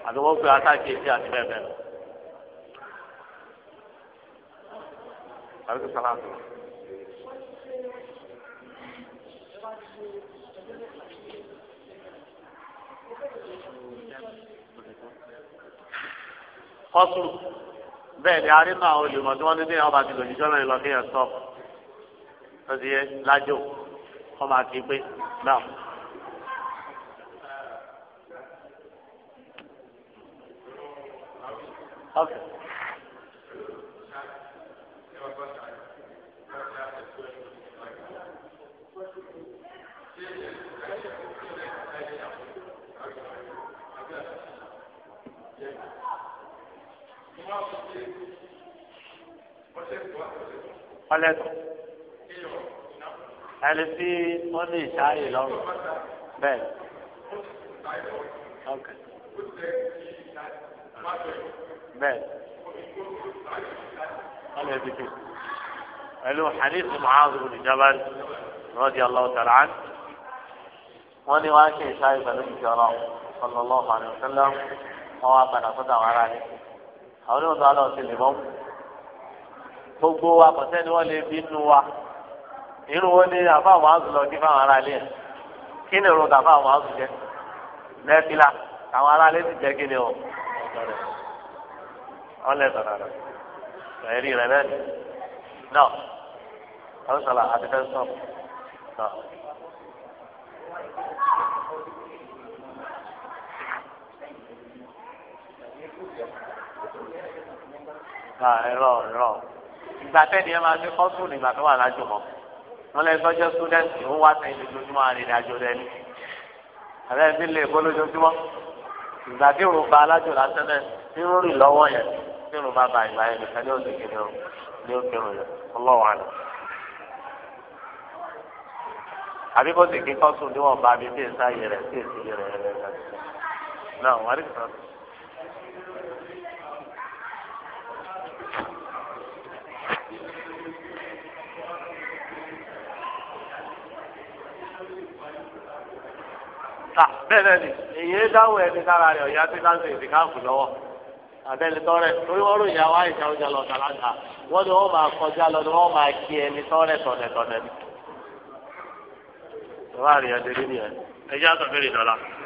àti wọ́n pe atáàkì etí àti bẹ́ẹ̀ bẹ́ẹ̀ lọ. kọ́sùrù bẹ́ẹ̀ ni arínú àwọn olùmọ̀ tí wọ́n ní déyàn ọba ti lòdì sọ́nà ìlọ kéèyàn sọ ó ti yẹ lájò ọmọ àti pé náà. Okay. ọlẹ́tọ̀ ẹni tí wọ́n ní ìsáyè lọ́rùn bẹ́ẹ̀ ọkẹ́ bẹ́ẹ̀ ọlẹ́tọ̀ kí pẹ̀lú hadith mu'adh bin jabal radiyallahu ta'ala anhu wọ́n ní wọ́n á ṣe ìsáyè pẹ̀lú ìjọra sallallahu alaihi wasallam wọ́n wá padà sọ́dọ̀ àwọn ará rẹ̀ àwọn onímọ̀ náà ti lè mọ́ gbogbo wa kò wọ́n lè bí nu wa irun wo ni àfa àwọn àzù kí fáwọn ará ilé ẹ̀ kí ni irun tàfa àwọn àzù jẹ lẹ́fìlà àwọn ará ilé ti jẹ́ kí ni o ọlẹ́sọ̀ náà ẹ̀rí rẹ̀ náà náà ọ̀sọ̀là àti fẹ́ sọ̀rọ̀ náà. Thank you ẹ̀rọ ẹ̀rọ ìgbà tẹ́ni ẹ máa fi kọ́sùn nígbà tó wà lájò mọ́ wọn lè gbọ́jọ́ sùdẹ́ǹtì ó wá sẹ́yìn lójoojúmọ́ arìnrìn àjò lẹ́nu àbẹ́ ẹbí lè bọ́ lójoojúmọ́ ìgbà tí òun ba alájò lásán náà tí ń rìn lọ́wọ́ yẹn tí òun bá ba ìgbà yẹn nìkan ní òsè kìnìún ní òkèrò yẹn ọlọ́wàá nù. àbí kó sì kí kọ́sùn níwọ̀nba bíi bí èsì ayé rẹ̀ sí èsì rẹ̀ rẹ̀ rẹ̀ náà wọ́n rí kọ́sùn. ìsìká bẹ́ẹ̀ ni èyí dáhùn ẹni kára rẹ̀ ọ̀yá tí láti ìsìká kù lọ́wọ́ àbẹ́ni tọ́rẹ̀ torí wọ́n ròyìn àwa ìjà ọjà lọ sàlágà wọ́n ní wọ́n máa kọjá lọ ni wọ́n máa kí ẹni tọ́rẹ̀ tọ̀nẹ̀tọ̀nẹ̀ ni. ìwádìí ẹni rí ni ẹ ẹ jẹ́ àtọ̀